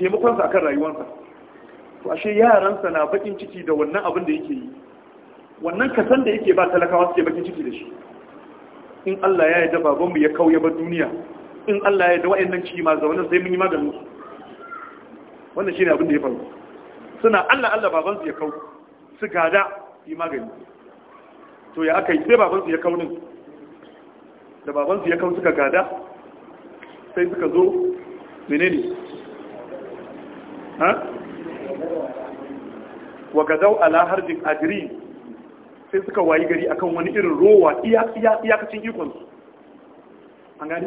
taimakonsa akan rayuwarsa to ashe yaransa na bakin ciki da wannan abin da yake yi wannan kasan da yake ba talakawa suke bakin ciki da shi in Allah ya yarda babanmu ya kauye ba duniya in Allah ya yarda wa'annan ciki ma zaune sai mun yi maganin su wannan shine abin da ya faru suna Allah Allah babansu ya kau su gada yi magani to ya aka yi sai babansu ya kaunin da babansu ya kaun suka gada sai suka zo menene ha wa gadau ala harbin adiri sai suka wayi gari akan wani irin rowa iyakacin ikonsu an gani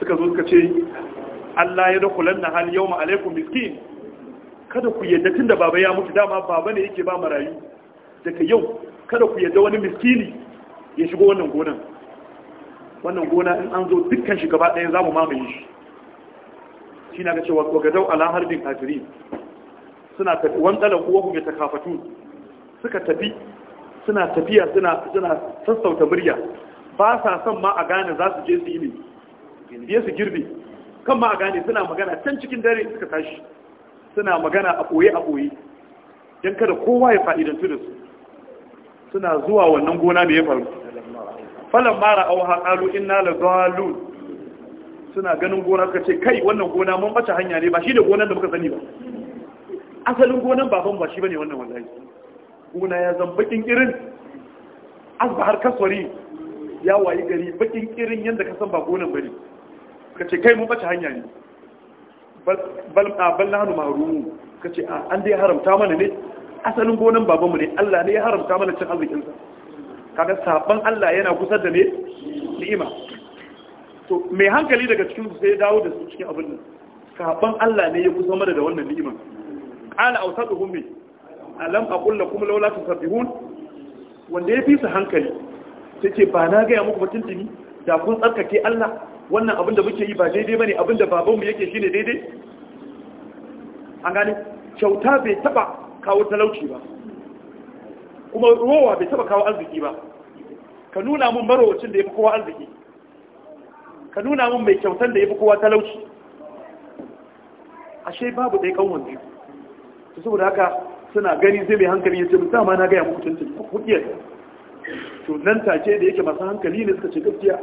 suka zo suka ce Allah ya dakulan na hali yau ma'alaikun miskin kada ku yadda tun da baba ya mutu dama baba ne yake ba marayu daga yau kada ku yadda wani miskini ya shigo wannan gonan wannan gona in an zo dukkan shi gaba ɗaya za mu mamaye shi shi na ga cewa wagadau ala harbin kafiri suna tafi wani ɗalan kuwa ta kafatu suka tafi suna tafiya suna sassauta murya ba sa son ma a gane za su je su yi ne biye su girbe kan ma a gane suna magana can cikin dare suka tashi suna magana a ɓoye a ɓoye don kada kowa ya fa'idantu da su suna zuwa wannan gona mai faru falan mara auha qalu da ladallun suna ganin gona suka ce kai wannan gona mun bace hanya ne ba shi da gonan da muka sani ba asalin gonan baban ba shi ne wannan wallahi gona ya zan bakin irin har kaswari ya wayi gari bakin irin yadda ka san ba gonan ne. ka ce kai mun bace hanya ne bal hannu ma rumu ka ce an dai haramta mana ne asalin gonan babanmu ne Allah ne ya haramta mana cin arzikinsa kaga saban Allah yana kusa da ne ni'ima to me hankali daga cikin su sai dawo da su cikin abin nan saban Allah ne ya kusa mana da wannan ni'iman qala awsaduhum bi alam aqul lakum laula tusabbihun wanda ya fisa hankali sai ce ba na gaya muku batun tuni da kun tsarkake Allah wannan abin da muke yi ba daidai bane abin da babanmu yake shine daidai an gane kyauta bai taba kawo talauci ba kuma rowa bai taba kawo arziki ba ka nuna mun marowacin da ya fi kowa arziki ka nuna mun mai kyautan da ya fi kowa talauci ashe babu dai kawon biyu su saboda haka suna gani zai mai hankali ya ce mutum ma na gaya muku tuntun kuɗiyar to nan take da yake masu hankali ne suka ce gaskiya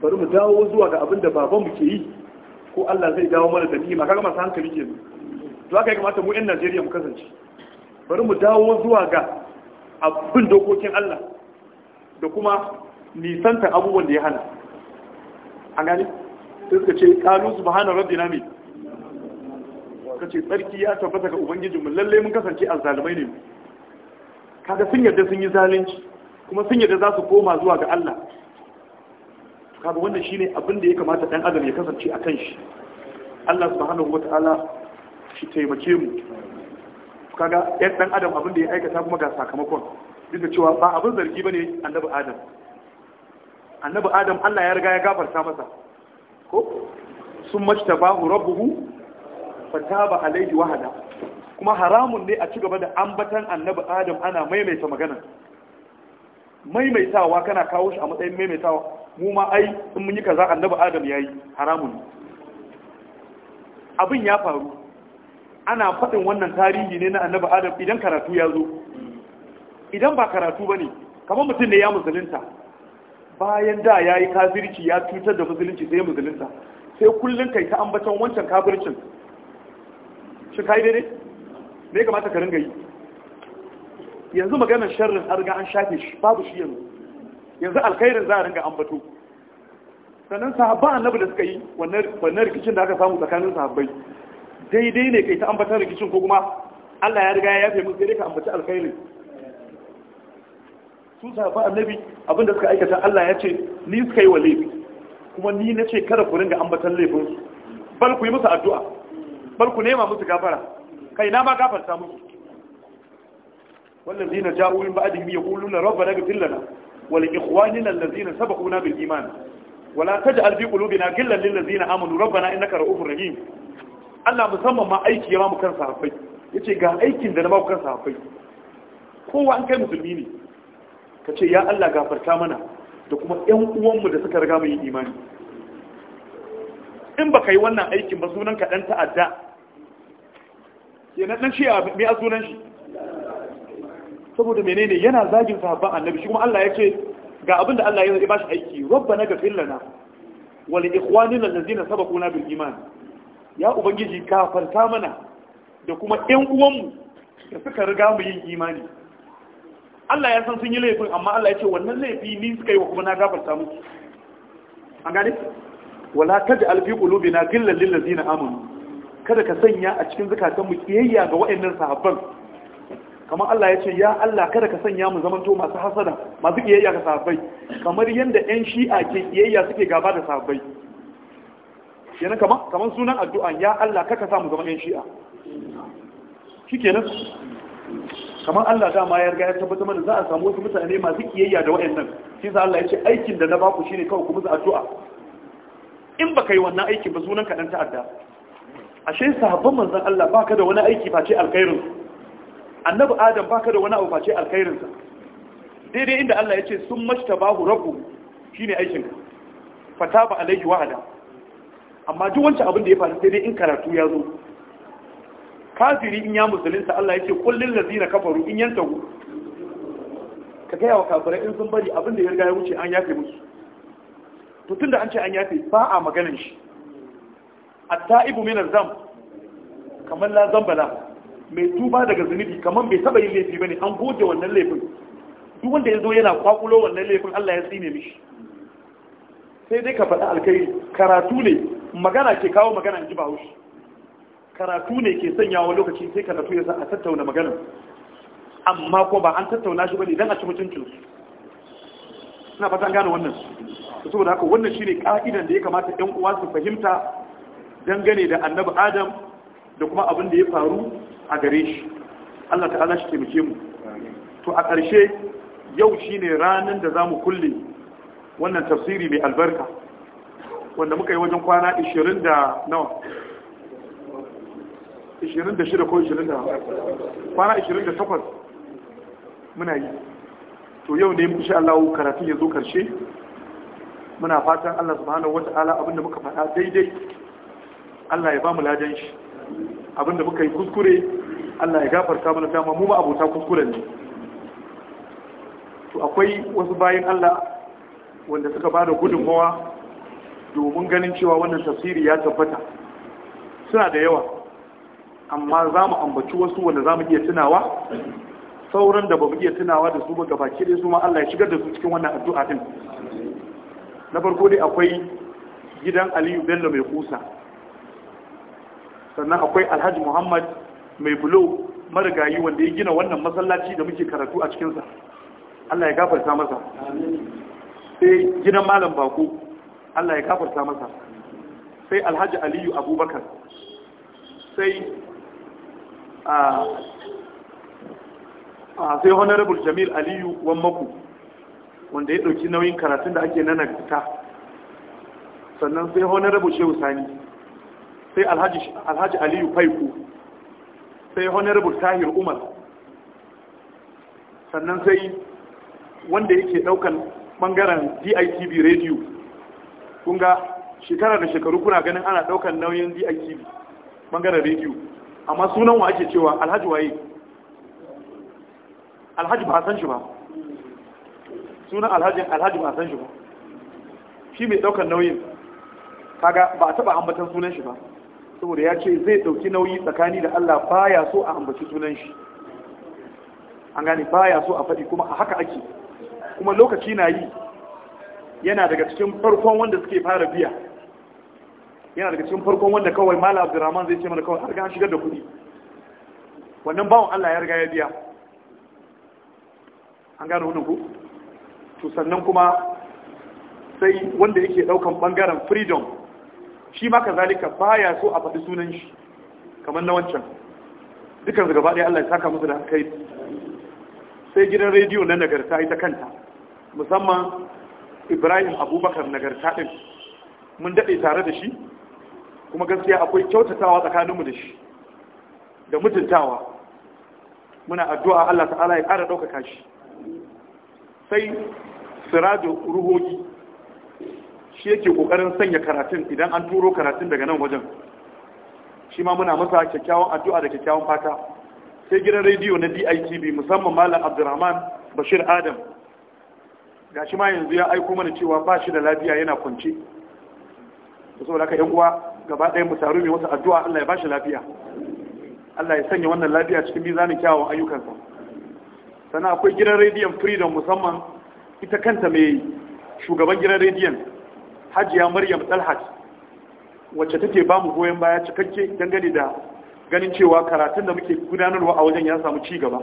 bari mu dawo zuwa ga abin da babanmu ke yi ko Allah zai dawo mana da ni ma kaga masu hankali ke to haka ya kamata mu 'yan Najeriya mu kasance bari mu dawo zuwa ga abin dokokin Allah da kuma nisanta abubuwan da ya hana a gani sai suka ce kalu rabbi na mai suka ce tsarki ya tabbata ga ubangiji ubangijinmu lalle mun kasance azzalumai ne kaga sun yarda sun yi zalunci kuma sun yarda za su koma zuwa ga Allah kaga wannan shine abin da ya kamata dan adam ya kasance a kan shi Allah subhanahu wataala shi taimake mu kaga ɗan dan adam abin da ya aikata kuma ga sakamakon duk cewa ba abin zargi bane annabi adam annabi adam Allah ya riga ya gafarta masa ko sun ba hu rabbuhu fataba alaihi wahada kuma haramun ne a ci gaba da ambatan annabi adam ana maimaita magana maimaitawa kana kawo shi a matsayin maimaitawa mu ma ai in mun yi kaza annabi adam yayi haramun abin ya faru ana faɗin wannan tarihi ne na annabi adam idan karatu ya zo idan ba karatu ba ne kamar mutum ne ya musulunta bayan da ya yi kafirci ya cutar da musulunci sai musulunta sai kullum kai ta ambaton wancan kafircin shi kai dai me ya kamata ka ringa yi yanzu maganar sharrin an riga an shafe shi babu shi yanzu yanzu alkhairin za a ringa ambato sannan sahabba annabi da suka yi wannan rikicin da aka samu tsakanin sahabbai daidai ne kai ta ambatan rikicin ko kuma Allah ya riga ya yafe musu sai dai ka ambaci alkhairi su sahaba annabi abinda suka aikata Allah ya ce ni suka yi wa laifi kuma ni na ce kada ku ringa ambatan laifin su bal ku yi musu addu'a bal ku nema musu gafara kai na ma gafarta musu والذين جاءوا من بعدهم يقولون ربنا اغفر لنا ولإخواننا الذين iman. بالإيمان ولا تجعل في قلوبنا غلا للذين آمنوا ربنا إنك رؤوف رحيم Allah musamman ma aiki ya mamu kansa hafai ya ce ga aikin da na mamu kansa hafai kowa an kai musulmi ne ka ce ya Allah gafarta mana da kuma ‘yan uwanmu da suka riga mai imani in ba ka yi wannan aikin ba sunan ka ɗan ta'adda yana ɗan shi a mai a sunan shi saboda menene yana zagin sahabban annabi shi kuma Allah ya ce ga abin da Allah ya ba shi aiki rabba na gafin lana wal ikhwanina allazina sabaquna bil iman ya ubangiji kafarta mana da kuma ɗin uwanmu da suka riga mu yin imani Allah ya san sun yi laifin amma Allah ya ce wannan laifi ni suka yi wa kuma na gafarta musu an gane wala kada alfi na gillan Lillazi na amanu kada ka sanya a cikin zukatan mu kiyayya ga wayannan sahabban kamar Allah ya ce ya Allah kada ka sanya mu zamanto masu hasada masu kiyayya ga sahabbai kamar yadda 'yan shi'a ke kiyayya suke gaba da sahabbai kenan kaman kaman sunan addu'a ya Allah kaka samu zama yan shi'a shikenan kamar Allah dama ya riga ya tabbatar mana za a samu wasu mutane masu kiyayya da wayannan shi sa Allah ya ce aikin da na baku shine kawai ku musu addu'a in ba kai wannan aikin ba sunan ka dan ta'adda ashe sahabban manzon Allah baka da wani aiki face alkhairin annabi Adam baka da wani abu face alkhairin sa daidai inda Allah ya ce sun mashtabahu rabbu shine aikin ka fataba alayhi wa'ada amma duk wancan abin da ya faru sai dai in karatu ya zo kafiri in ya musulunta Allah ya ce kullun lazina kafaru in ku ka gaya wa kafirai in sun bari abin da ya riga ya wuce an yafe musu to tunda an ce an yafe ba a maganin shi at-ta'ibu min az-zam kamar la zambala mai tuba daga zunubi kamar bai taba yin laifi ne, an goge wannan laifin duk wanda ya zo yana kwakulo wannan laifin Allah ya tsine mishi sai dai ka faɗi alkai karatu ne magana ke kawo magana in ji ba haushi karatu ne ke sanyawa lokaci sai karatu ya sa a tattauna magana amma ko ba an tattauna shi ba idan a ci mutuncin ina fatan gane wannan saboda haka wannan shi ne ka'idan da ya kamata ɗan uwa su fahimta dangane da annabi adam da kuma abin da ya faru a gare shi Allah ala shi taimake mu to a ƙarshe yau shine ranar da za mu kulle wannan tafsiri mai albarka wanda muka yi wajen kwana 20 da nawa 26 ko 20 da kwana 28 muna yi to yau ne insha Allah karatun ya zo karshe muna fatan Allah subhanahu wata'ala abinda muka faɗa daidai Allah ya ba mu ladan shi abinda muka yi kuskure Allah ya gafarta mana dama mu ba abota kuskuren ne to akwai wasu bayan Allah wanda suka ba da gudunmawa domin ganin cewa wannan tafsiri ya tabbata suna da yawa amma za mu ambaci wasu wanda za mu iya tunawa sauran da ba mu iya tunawa da su ba gaba ke su ma Allah ya shigar da su cikin wannan addu'a din na farko dai akwai gidan Aliyu Bello mai kusa sannan akwai Alhaji Muhammad mai bulo marigayi wanda ya gina wannan masallaci da muke karatu a cikinsa Allah ya gafarta masa sai gidan malam bako Allah ya kafarta masa sai alhaji aliyu abubakar sai a sai honorable jamil aliyu wammaku wanda ya ɗauki nauyin karatun da ake nanagta sannan sai honorable shehu sani sai alhaji aliyu faiku sai honorable tahir umar sannan sai wanda yake daukan ɓangaren ditv radio kun ga shekara da shekaru kuna ganin ana daukan nauyin DITV bangaren rediyo amma sunan wa ake cewa Alhaji waye Alhaji ba san shi ba sunan Alhaji Alhaji ba san shi ba shi mai daukan nauyin kaga ba a taba ambatan sunan shi ba saboda ya ce zai dauki nauyi tsakani da Allah baya so a ambaci sunan shi an gane baya so a faɗi kuma a haka ake kuma lokaci na yi yana daga cikin farkon wanda suke fara biya yana daga cikin farkon wanda kawai mala abdurrahman zai ce mana kawai har ga shigar da kuɗi wannan bawon Allah ya riga ya biya an gano hudu ku to sannan kuma sai wanda yake daukan bangaren freedom shi ma zalika baya so a faɗi sunan shi kamar na wancan dukan gaba ɗaya Allah ya saka musu da kai sai gidan rediyo na nagarta ita kanta musamman ibrahim abubakar nagarta ɗin mun daɗe tare da shi kuma gaskiya akwai kyautatawa tsakaninmu da shi da mutuntawa muna addu'a allah ta'ala ya ƙara ɗaukaka shi sai sirajo ruhogi shi yake ƙoƙarin sanya karatun idan an turo karatun daga nan wajen shi ma muna masa kyakkyawan addu'a da kyakkyawan fata sai gidan rediyo na ditv musamman malam Abdulrahman bashir adam ga shi ma yanzu ya aiko mana cewa ba shi da lafiya yana kwance da saboda ka yan uwa gaba ɗaya mu taru mai wasu addu'a Allah ya ba shi lafiya Allah ya sanya wannan lafiya cikin mizanin kyawawan ayyukansa sana akwai gidan rediyon freedom musamman ita kanta mai shugaban gidan rediyon hajiya maryam talhat wacce take ba mu goyon baya cikakke dangane da ganin cewa karatun da muke gudanarwa a wajen ya samu ci gaba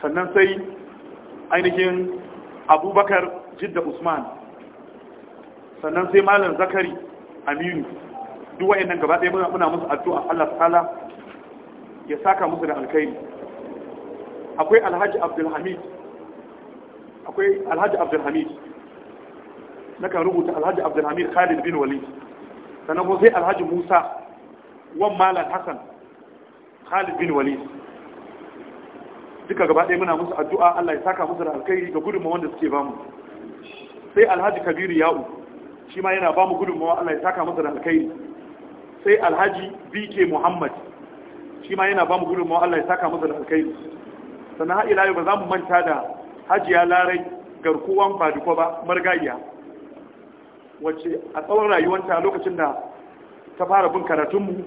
sannan sai ainihin abubakar jidda usman sannan sai malam zakari aminu duk wayannan gaba ɗaya muna musu addu'a Allah ta'ala ya saka musu da alkhairi akwai alhaji abdulhamid akwai alhaji abdulhamid nakan rubuta alhaji abdulhamid khalid bin walid sannan kuma sai alhaji musa wan malam hassan khalid bin walid duka gaba ɗaya muna musu addu'a Allah ya saka musu da alkhairi ga gudunmawa wanda suke bamu sai alhaji kabiru ya'u shi ma yana bamu gudunmawa Allah ya saka musu da alkhairi sai alhaji bk muhammad shi ma yana bamu gudunmawa Allah ya saka musu da alkhairi sannan har ila yau ba za mu manta da hajiya larai garkuwan baduko ba margayya wacce a tsawon rayuwanta lokacin da ta fara bin karatunmu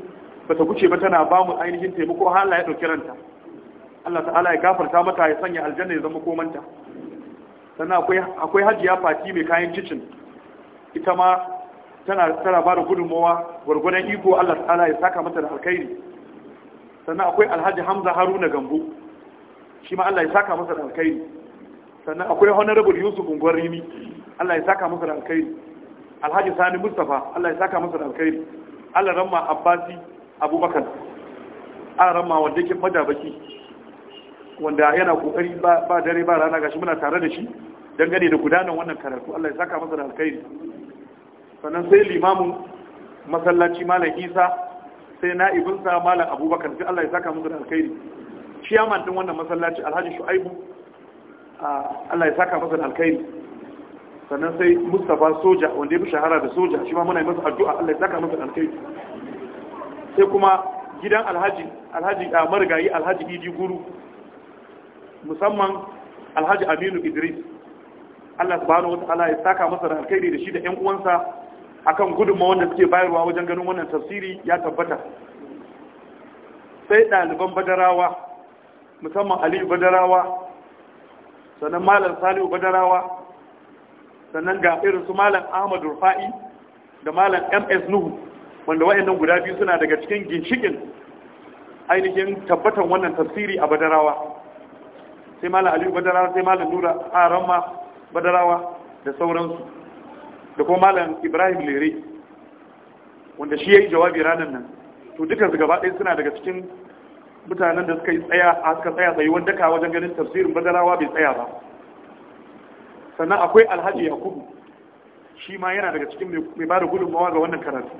ba ta guce ba tana bamu ainihin taimako har Allah ya ɗauki ranta Allah ta'ala ya gafarta mata ya sanya aljanna ya zama komanta sannan akwai hajiya fati mai kayan kicin ita ma tana tara ba da gudunmowa gwargwadon iko Allah ta'ala ya saka mata da alkhairi sannan akwai alhaji hamza haruna gambo shi ma Allah ya saka masa da alkhairi sannan akwai honorable yusuf unguwar rimi Allah ya saka masa da alkhairi alhaji sani mustapha Allah ya saka masa da alkhairi Allah ramma abbasi abubakar Allah ramma wanda yake madabaki wanda yana kokari ba dare ba rana gashi muna tare da shi dangane da gudanar wannan karatu Allah ya saka masa da alkhairi sannan sai limamin masallaci malam Isa sai na'ibinsa malam Abubakar sai Allah ya saka masa da alkhairi ciyaman din wannan masallaci Alhaji Shu'aibu Allah ya saka masa da alkhairi sannan sai Mustafa Soja wanda ya fi shahara da Soja shi ma muna yi masa addu'a Allah ya saka masa da alkhairi sai kuma gidan Alhaji Alhaji Marigayi Alhaji Idi Guru musamman alhaji aminu idris allah subhanahu wa ta'ala ya saka masa da alkhairi da shi da yan uwansa akan gudunmawa wanda suke bayarwa wajen ganin wannan tafsiri ya tabbata sai ɗaliban badarawa musamman aliyu badarawa sannan malam salihu badarawa sannan ga irin su malam ahmadu rufa'i da malam ms nuhu wanda wayannan guda biyu suna daga cikin ginshikin ainihin tabbatan wannan tafsiri a badarawa sai malam aliyu badarawa sai malam nura aramma badarawa da sauransu da kuma malam ibrahim lere wanda shi ya yi jawabi ranar nan to dukkan su gaba ɗaya suna daga cikin mutanen da suka yi tsaya a suka tsaya tsayi wanda ka wajen ganin tafsirin badarawa bai tsaya ba sannan akwai alhaji yakubu shi ma yana daga cikin mai ba da gudunmawa ga wannan karatu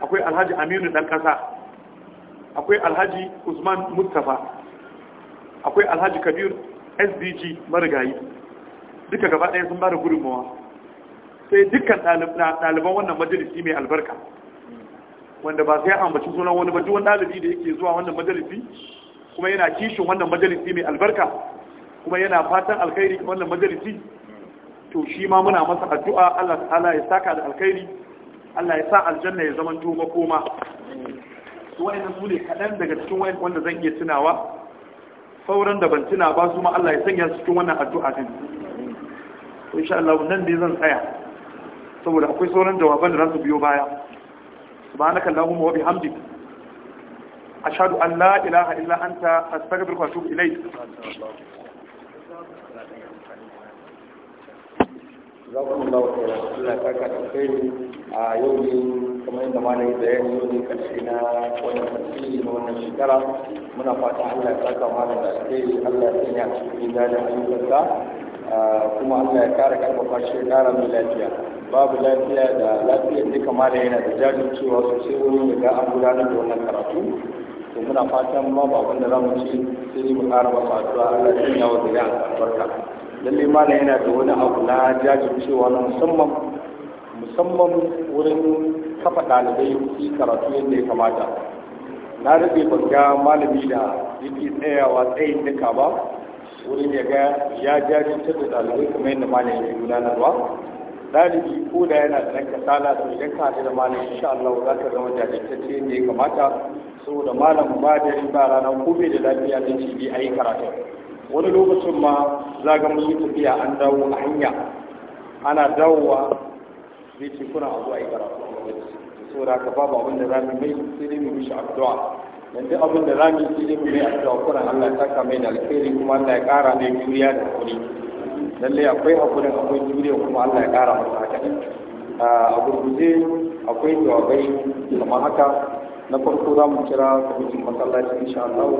akwai alhaji aminu dan kasa akwai alhaji usman mustapha akwai alhaji kabir sdg marigayi duka gaba ɗaya sun ba da gudunmawa sai dukkan ɗaliban wannan majalisi mai albarka wanda ba sai ambaci sunan wani ba duwan ɗalibi da yake zuwa wannan majalisi kuma yana kishin wannan majalisi mai albarka kuma yana fatan alkhairi wannan majalisi to shi ma muna masa addu'a Allah ta'ala ya saka da alkhairi Allah ya sa aljanna ya zama to makoma to wayannan su ne kaɗan daga cikin wanda zan iya tunawa sauran da ban tuna ba su ma Allah ya sanya su cikin wannan addu'a din insha Allah nan dai zan tsaya saboda akwai sauran jawaban da za su biyo baya subhanaka allahumma wa bihamdika ashhadu an la ilaha illa anta astaghfiruka wa atubu ilayk za ku nuna wa kai Allah ta ka kai a yau ne kamar yadda malai bayani yau ne karshe na wannan tafsiri na wannan shekara muna fata Allah ya saka malam da kai Allah ya sanya cikin gidan ayyukansa kuma Allah ya kara karfafa shi kara mai lafiya babu lafiya da lafiyar duka malam yana da jajircewa sosai wurin da an gudanar da wannan karatu to muna fatan ma ba wanda za mu ci sai mu kara masa addu'a Allah ya sanya wa zuriya albarka lalle malam yana da wani abu na jajircewa na musamman musamman wurin kafa ɗalibai su karatu yadda ya kamata na rage banga malami da yake tsayawa tsayin duka ba wurin ya ga ya jajirtar da ɗalibai kamar yadda malam yake gudanarwa ɗalibi ko da yana da ɗan kasala to idan ka haɗu da malam insha Allah za ka zama jajirtacce yadda ya kamata saboda malam ba da ba rana ko da lafiya zai ci biyu a yi karatu wani lokacin ma za ga mun yi tafiya an dawo a hanya ana dawowa zai ce kuna a zuwa ibara da ka babu abin da zamu mai sai dai mu mishi addu'a dan abin da zamu sai dai mu mai addu'a kuna Allah ya saka mai da alkhairi kuma Allah ya kara mai juriya da hakuri lalle akwai hakurin akwai juriya kuma Allah ya kara masa haka a gurguje akwai jawabai kamar haka na farko za mu kira kwamitin masallaci insha Allah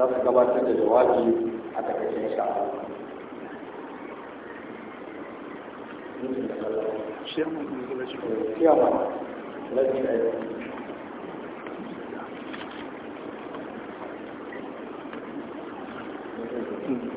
za su gabatar da jawabi 他这个介绍，你是说项目组这边需要吗？来几个人？嗯。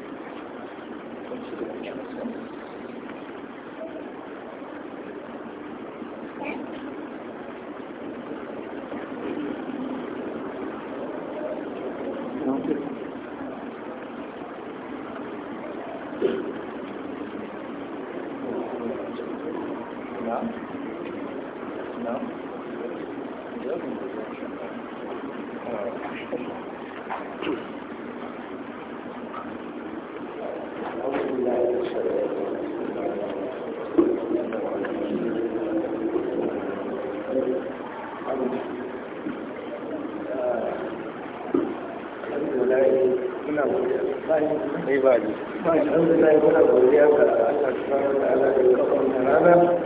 تعالى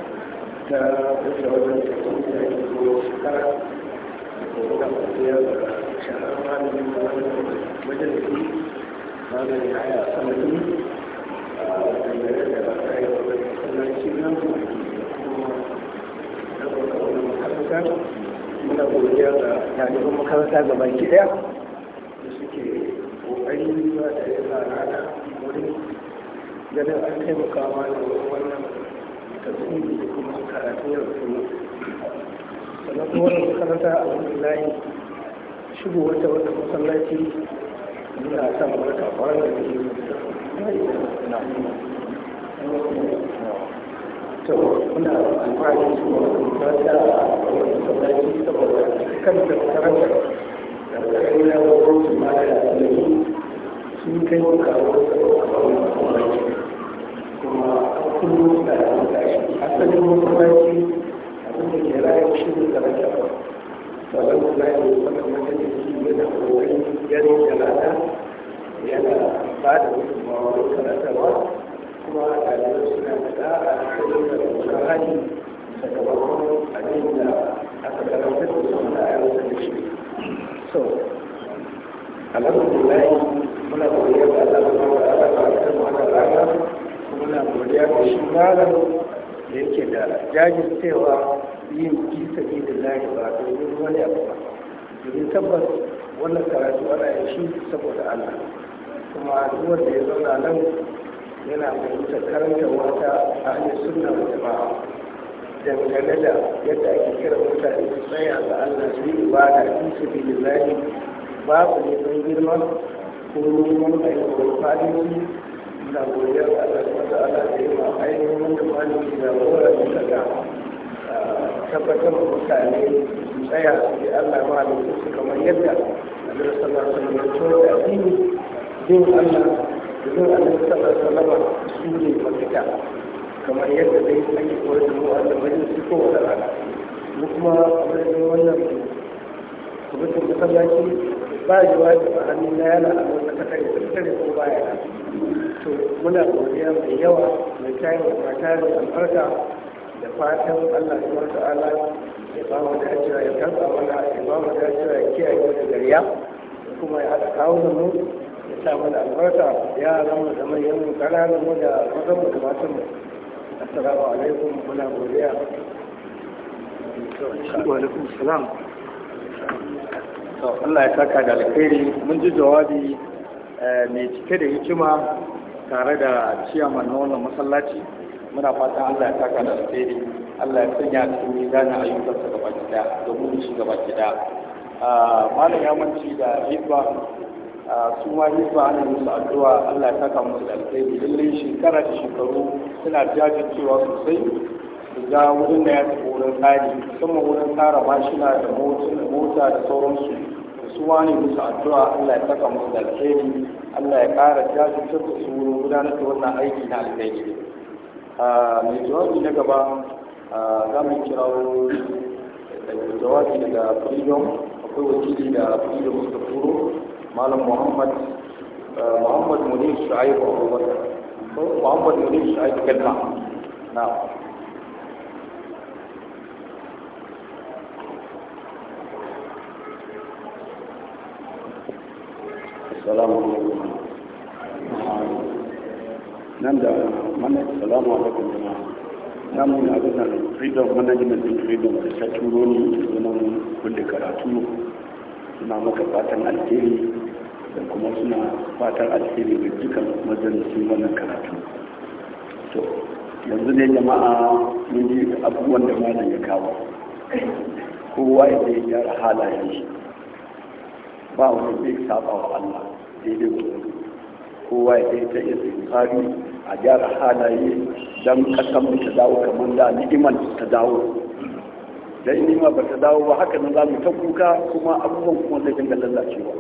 تأثر وزن يكون يكون شكرا وقال الزيادة شهران من وجد فيه هذا الحياة سنتين muna godiya ga ɗaliban makaranta ga baki ɗaya da suke ƙoƙari ba da yana rana wurin ganin an taimaka ma da wannan tasiri da kuma karatu yau da wannan makaranta a wani layi shigo wata wata masallaci muna sa barka kwarar da ke to muna amfani su ba ta masallaci saboda kan da karanta da karanta da wasu mata da sun kai wa kawo kuma sun mutu da mutane asalin mutumanci abin da ke rayar shi ne da rage ba sabon da zai yi sama mata shi yana kokarin yare da lada yana ba da da karatarwa kuma a ɗalibai suna da ɗa'a a cikin da rautar hali sakamakon abin da aka karanta da sun da aiwatar da shi so alhamdulillah muna koyar da Allah subhanahu wa ta'ala ta wannan rana muna godiya da shi da yake da jajircewa yin kisa ne da lahi ba domin wani abu ba domin tabbas wannan karatu ana yin shi saboda allah kuma duk da ya zauna nan yana fahimtar karanta wata a hanyar sunna da jama'a dangane da yadda ake kira mutane su tsaya ga allah su yi ibada da su ba su babu neman girma ko neman ayyukan fadinci na godiyar yi ma ainihin wanda maliki da a tabbatar da mutane su tsaya su ji Allah ma da su kamar yadda Allah sallallahu alaihi wasallam ya tsoro da din Allah da din Allah sallallahu alaihi wasallam su ne mafita kamar yadda dai ake koyar da mu Allah bai su ko wala rana mu kuma abin wannan kuma masallaci ba yi wajen amin na yana a wata kasar da kasar ko baya to muna godiya mai yawa mai tayin wa tarin albarka da fatan allah ya ta'ala ya ba mu dacewa ya karɓa mana ya ba mu dacewa ya kiyaye mu da gariya kuma ya haɗa kawo da mu ya sa mana albarka ya zama da manyan mu ƙananan mu da mazan mu da matan mu assalamu alaikum muna godiya wa alaikum salam Allah ya saka da alkhairi mun ji jawabi eh, mai cike da hikima tare da ciyaman na wannan masallaci muna fatan Allah ya saka da alkhairi Allah ya sanya cikin mizanin ayyukansa gaba gida domin shi gaba gida ah, malam ya manci da hibba ah, su ma hibba ana musu addu'a Allah ya saka musu da alkhairi lallai shekara da shekaru suna jajircewa sosai su shiga wurin da ya tafi wurin tsari musamman wurin tsara mashina da mota da sauransu da su wani musu addu'a Allah ya saka musu da alheri Allah ya ƙara jajirtar ta su wurin gudanar da wannan aiki na alheri mai jawabi na gaba za mu kirawo jawabi daga freedom akwai wakili da freedom suka turo malam muhammad muhammad munir shu'aib abubakar muhammad munir shu'aib kalma na'am salamu alaikum nan da mana salamu alaikum jama'a na mun abin nan freedom management din freedom da ta turo ni sunan karatu suna maka fatan alheri da kuma suna fatan alheri ga dukkan majalisun wannan karatu to yanzu ne jama'a mun yi abubuwan da malam ya kawo kowa ya yi gyara halayen ba wani bai saba wa Allah daidai kowa ya kai ta tsari a gyara halaye don kasan mu ta dawo kamar da ni'iman ta dawo da ni'ima ba ta dawo ba haka nan za mu ta kuka kuma abubuwan kuma zai dinga lallacewa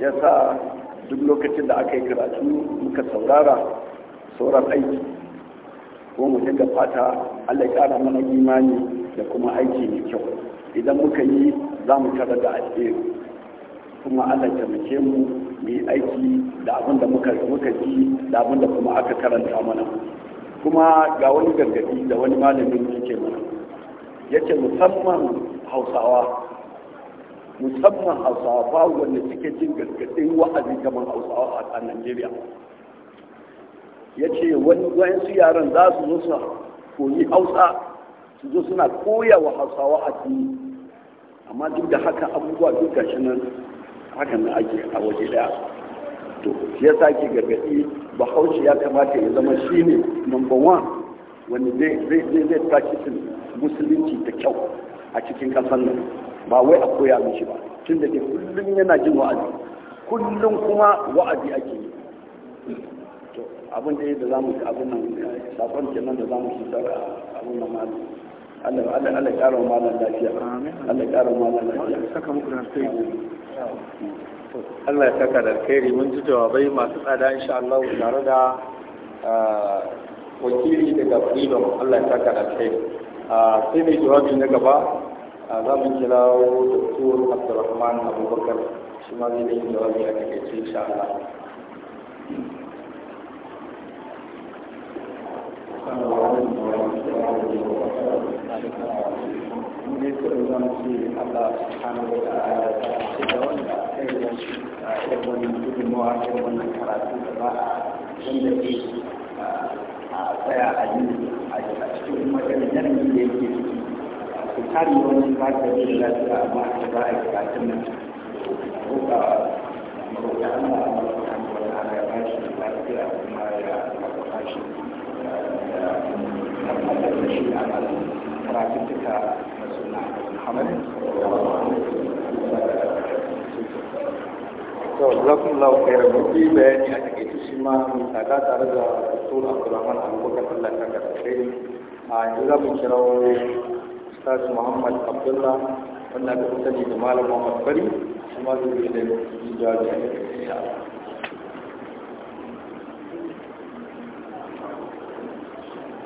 ya sa duk lokacin da aka yi karatu muka saurara sauran aiki ko mu dinga fata Allah ya kara mana imani da kuma aiki mai kyau idan muka yi za mu tara da alheri kuma Allah ya mace mu mu yi aiki da abin da muka muka ji da abin da kuma aka karanta mana kuma ga wani gargadi da wani malamin yake mana yace musamman Hausawa musamman Hausawa ba wanda suke jin gargadin wa'azi kamar Hausawa a Najeriya yace wani su yaran za su zo su koyi Hausa su zo suna koya wa Hausawa addini amma duk da haka abubuwa duk gashi nan hakan na ake a waje daya to ya sake gargaɗi bahaushe ya kamata ya zama shi ne number one wanda zai zai zai practicing musulunci da kyau a cikin ƙasar nan ba wai a koya mishi ba tun da ke kullum yana jin wa'azi kullum kuma wa'azi ake yi to abin da za mu abin nan sakon kenan da za mu fitar abin nan malam Allah Allah Allah ya lafiya Allah ya rawa malam lafiya saka da kai Allah ya saka da kai mun ji jawabai masu tsada insha Allah tare da ah, wakili daga Freedom Allah ya saka da kai ah, sai mai jawabi na gaba ah, za mu kira Dr. Abdulrahman Abubakar shi ma zai yi jawabi a takaice insha Allah Thank you. ne kudin zan ce Allah subhanahu wa ta'ala da wanda irin irin a wanda a tsaya a yi cikin magana yanayi da yake ciki ku yi lafiya amma a a yi karatun nan ko ka maroƙi wa ta'ala lafiya kuma ya ba shi da karatun duka na suna Muhammadin to jazakumullahu khairan bayani a takaice shi ma mun tsada tare da Dr. Abdulrahman Abubakar Allah ta a yanzu za mu kira Ustaz Muhammad Abdullah wanda aka sani da Malam Muhammad Bari zai yi da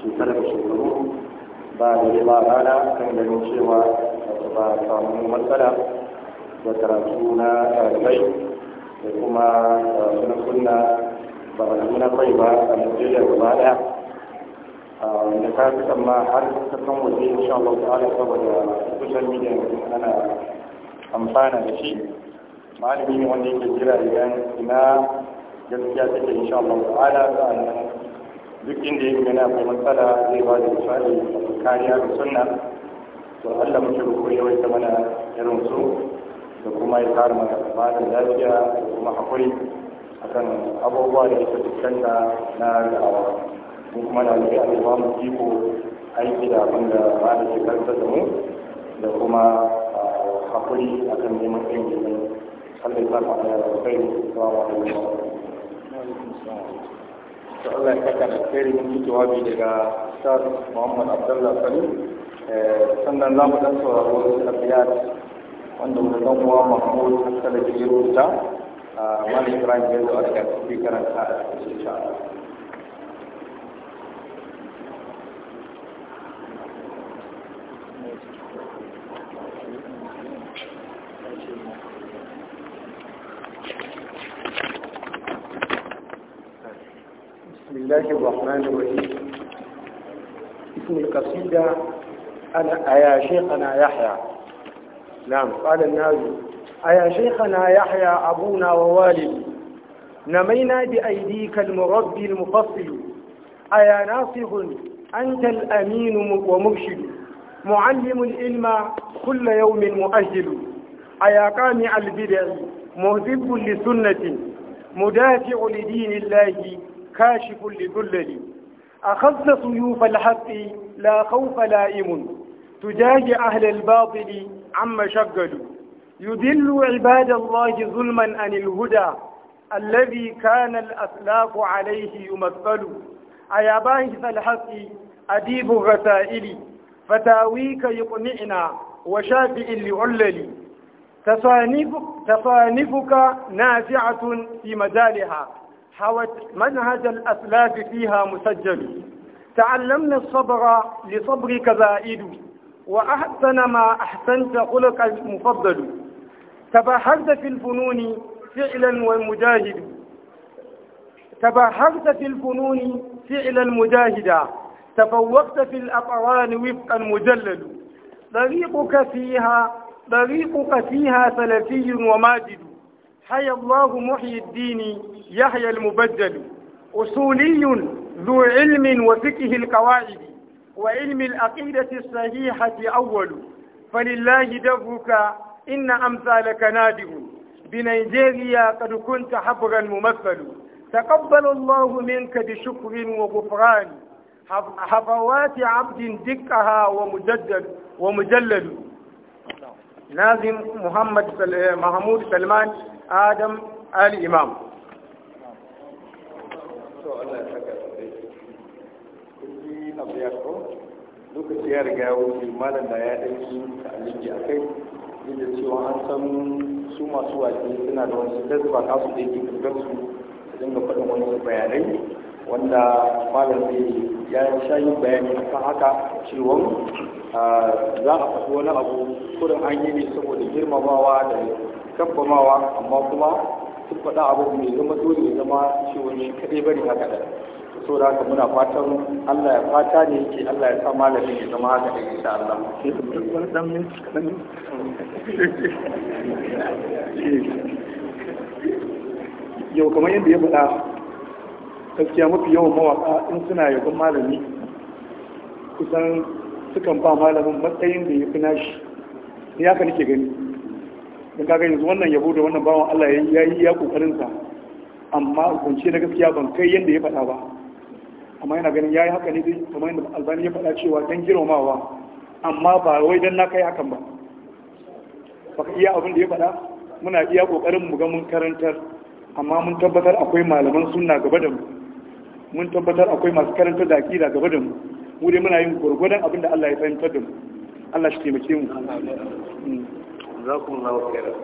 Shekarar da shekaru ba da ba rana kan ganin cewa ba samu matsala da karatu na ɗalibai da kuma karatu eh, na sunna ba karatu na bai ba a Najeriya gaba ɗaya da ka kasan ma har kasan waje sha Allah ta'ala saboda social media ana amfana da shi malami ne wanda yake jira idan ina gaskiya take insha Allah ta'ala sa'annan duk inda ya gana akwai matsala zai ba da misali kariya da sunna to Allah muke ko yawaita mana irin su da kuma ya kare mana da lafiya da kuma hakuri akan abubuwa da yake fuskanta na da'awa mun kuma da alƙi ba mu iko aiki da abin da ba da ke karanta da mu da kuma ah, hakuri akan neman ilimi Allah ya sa mu da alƙairi wa wa alaikum to Allah ya kaka da kairi mun yi wabi daga Ustaz Muhammad Abdullah Salim eh, sannan za mu dan sauraro wasu abiyat wanda mu dan uwa Mahmud Hassan da ya ta Malik Ibrahim ya zo aka tafi cikin karanta a cikin insha Thank you. بسم الله الرحمن الرحيم اسم القصيدة أنا أيا شيخنا يحيى نعم قال النازل أيا شيخنا يحيى أبونا ووالد نمينا بأيديك المربي المفصل أيا ناصح أنت الأمين ومرشد معلم العلم كل يوم مؤجل أيا قامع البدع مهذب لسنة مدافع لدين الله كاشف لذلل أخذت سيوف الحق لا خوف لائم تجاج أهل الباطل عما شقلوا يدل عباد الله ظلما عن الهدى الذي كان الأسلاف عليه يمثل أيا باهث الحق أديب الرسائل فتاويك يقنعنا وشافئ لعلل تصانفك نافعة في مجالها حوت منهج الأسلاف فيها مسجل تعلمنا الصبر لصبرك زائد وأحسن ما أحسنت خلق المفضل تباحرت في الفنون فعلا ومجاهد تباحرت في الفنون فعلا مجاهدا تفوقت في الأقران وفقا مجلل طريقك فيها طريقك فيها سلفي وماجد حيا الله محيي الدين يحيى المبدل أصولي ذو علم وفقه القواعد وعلم العقيدة الصحيحة أول فلله دفك إن أمثالك نادر بنيجيريا قد كنت حبرا ممثل تقبل الله منك بشكر وغفران حفوات عبد دقها ومجدد ومجلد nazim muhammad mahmud salman adam ali imam lokaci ya riga ya wuce da ya ɗauki ta'aliki a kai da cewa an san su masu waje suna da wasu da ba kasu da su dinga faɗin wani bayanai wanda malam ya shayi bayani kan haka cewa za a faɗi wani abu kudin an yi ne saboda girmamawa da kambamawa amma kuma sun faɗa abu mai zama dole ya zama cewa ne kaɗai bari haka da so da haka muna fatan Allah ya fata ne yake Allah ya sa malamin ya zama haka da insha Allah yau kamar yadda ya faɗa gaskiya mafi yawan mawaka in suna yabon malami kusan sukan ba malamin matsayin da ya fi nashi ni haka nake gani don kaga yanzu wannan yabo da wannan bawan Allah ya yi ya kokarin sa amma kunce na gaskiya ban kai yanda ya faɗa ba amma yana ganin yayi haka ne dai kamar yadda Albani ya faɗa cewa dan girmamawa amma ba wai dan na kai hakan ba baka iya abin da ya faɗa muna iya kokarin mu ga mun karantar amma mun tabbatar akwai malaman sunna gaba da mu mun tabbatar akwai masu karanta da aƙida gaba da mu mu dai muna yin gurgurdan abinda Allah ya fahimtar da mu Allah shi taimake mu jazakumullahu khairan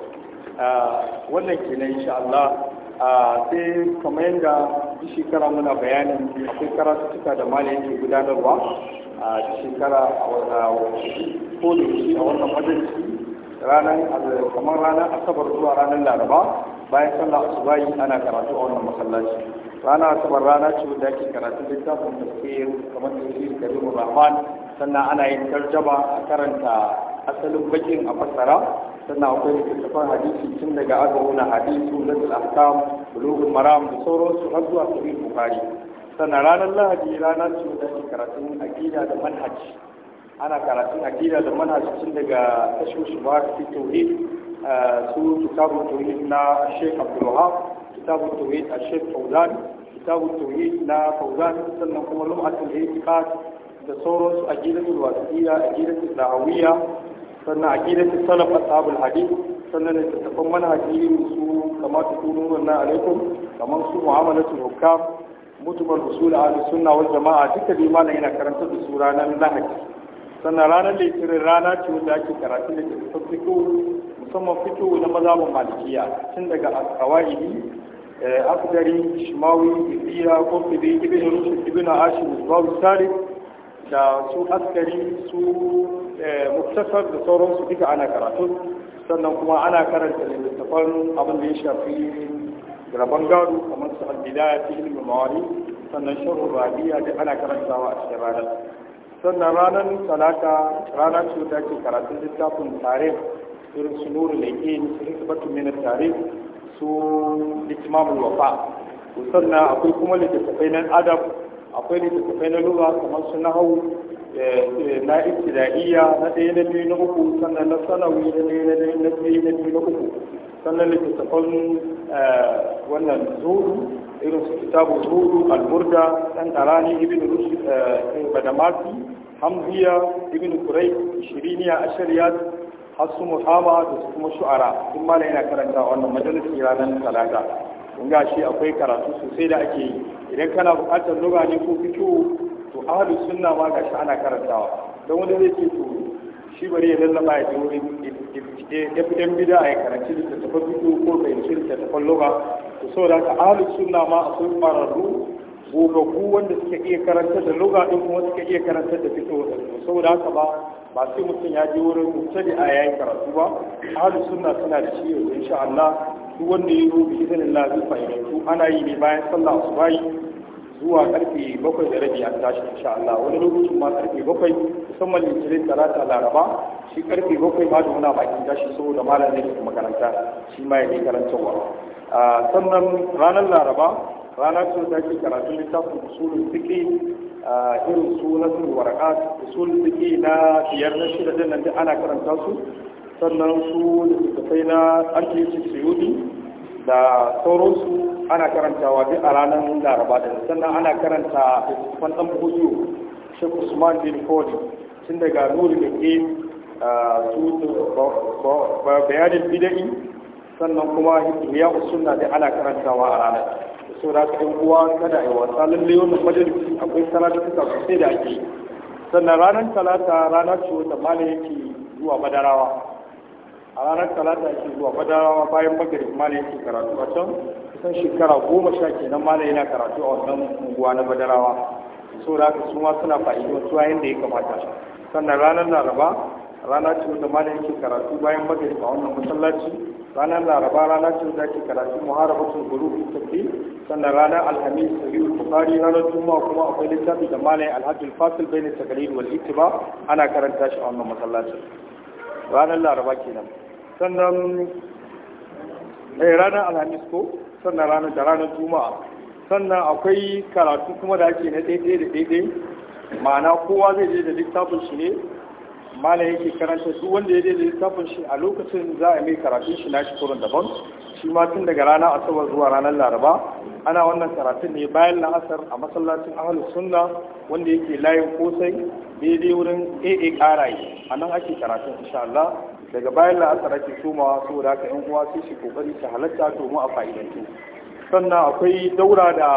ah, wannan kenan insha Allah ah, sai kamar yadda duk shekara muna bayanin shekara su cika da mali yake gudanarwa a shekara a ko da shi a wannan majalisi ranar kamar ranar asabar zuwa ranar laraba bayan sallah asubahi ana karatu a wannan masallaci rana asabar rana ce da ake karatu littafin tafsir kamar da karim rahman sannan ana yin tarjama a karanta asalin bakin a fassara sannan akwai littattafan hadisi tun daga azahuna hadisu nazil ahkam bulughul maram da sauransu har zuwa sahih bukhari sannan ranar lahadi rana ce da ake karatun aqida da manhaj ana karatun aqida da manhaj tun daga tashwish ba fi tauhid ah, su kitabun tauhid na Sheikh Abdulwahab kitabun tauhid a Sheikh Fauzan kitabu tauhid na fauzan sannan kuma lum'atul itiqad da sauransu a gidan wasiya a gidan da'awiyya sannan a gidan salaf ashabul hadith sannan da tafan manhaji su kamar tukunun na alaikum kamar su mu'amalatul hukam mutumar usul ahli sunna wal jama'a duka dai malam yana karanta da su ranar lahadi sannan ranar litinin rana ce wanda ake karatu da ke musamman fito na mazhabin malikiya tun daga kawai Eh, afgari shimawi ibiya kofibi ibn rushd ibn ashim ismawi salih da su askari su eh, muktasar da sauransu duka ana karatu sannan kuma ana karanta littattafan abin da ya shafi rabon gado kamar su albidaya ta ilimin mawari sannan sharhu rabiya da ana karantawa a cikin ranar sannan ranar talata rana ce da karatun littafin tare irin su nuru leke su hikmatu min tare su litimamul wafa sannan akwai kuma littattafai na adab akwai littattafai na lura kamar su eh, na hau na ibtidaiya na ɗaya na biyu na uku sannan na sanawi na ɗaya na ɗaya na biyu na biyu na uku sannan littattafan eh, wannan zuru irin su kitabu zuru alburda ɗan ƙarani ibn rushd eh, badamasi hamziya ibn kurai shiriniya ashariyat har su muhama da su kuma shu'ara in ma yana karanta wannan majalisar ranar talata kun ga shi akwai karatu sosai da ake yi idan kana buƙatar lura ne ko fito to ahadu sunna ma ga shi ana karantawa don wani zai ce to shi bari ya lallaba ya je wurin ɗan bida a yi karanci littattafan fito ko fahimci littattafan lura to da haka ahadu sunna ma akwai ƙwararru ku wanda suka iya karanta da lura ɗin kuma suka iya karanta da fito da haka ba ba sai mutum ya je wurin mutane a yayin karatu ba a sunna suna da shi yanzu insha Allah duk wanda ya yi bi izinin lafi fahimtu ana yi ne bayan sallah su bayi zuwa karfe bakwai da rabi an tashi insha Allah wani lokacin ma karfe bakwai musamman litinin talata laraba shi karfe bakwai ma da muna bakin tashi saboda malam ne ke makaranta shi ma ya ne karantarwa ah, sannan ranar laraba rana ce da ake karatun littafin usulun fiƙi irin su na sun waraka su suke na biyar na shida din nan ana karanta su sannan su littattafai na arkiyoci suyudi da su ana karantawa duk a ranar laraba da sannan ana karanta littattafan ɗan buhudu shek usman bin kodi tun daga nuri da ke bayanin bidani sannan kuma ya suna da ana karantawa a ranar so da aka uwa kada a yi wasa lalle wannan majalisi akwai salatuka sosai da ake sannan ranar talata rana ce wata mala yake zuwa madarawa a ranar talata yake zuwa madarawa bayan magarib mala yake karatu a can kusan shekara goma sha kenan mala yana karatu a wannan unguwa na madarawa so da aka su ma suna yayin da ya kamata sannan ranar laraba rana ce wanda mana yake karatu bayan magrib a wannan masallaci ranar laraba rana ce wanda ake karatu muharabatul guru tafi sannan ranar alhamis yi bukari ranar juma'a kuma akwai littafi da mana alhajjul fasil bayin takalid wal ba ana karanta shi a wannan masallacin ranar laraba kenan sannan mai eh, ranar alhamis ko sannan ranar da ranar juma'a sannan akwai karatu kuma da ake na daidai da daidai ma'ana kowa zai je da littafin shi ne mala yake karanta duk wanda ya daidai littafin shi a lokacin za a mai karatun shi nashi kurin daban shi ma tun daga rana asabar zuwa ranar laraba ana wannan karatun ne bayan la'asar a masallacin ahalu sunna wanda yake layin kosai daidai wurin aa karaye a nan ake karatun insha Allah daga bayan la'asar ake somawa saboda haka yan uwa su shi kokari su halatta domin a fa'idantu sannan akwai daura da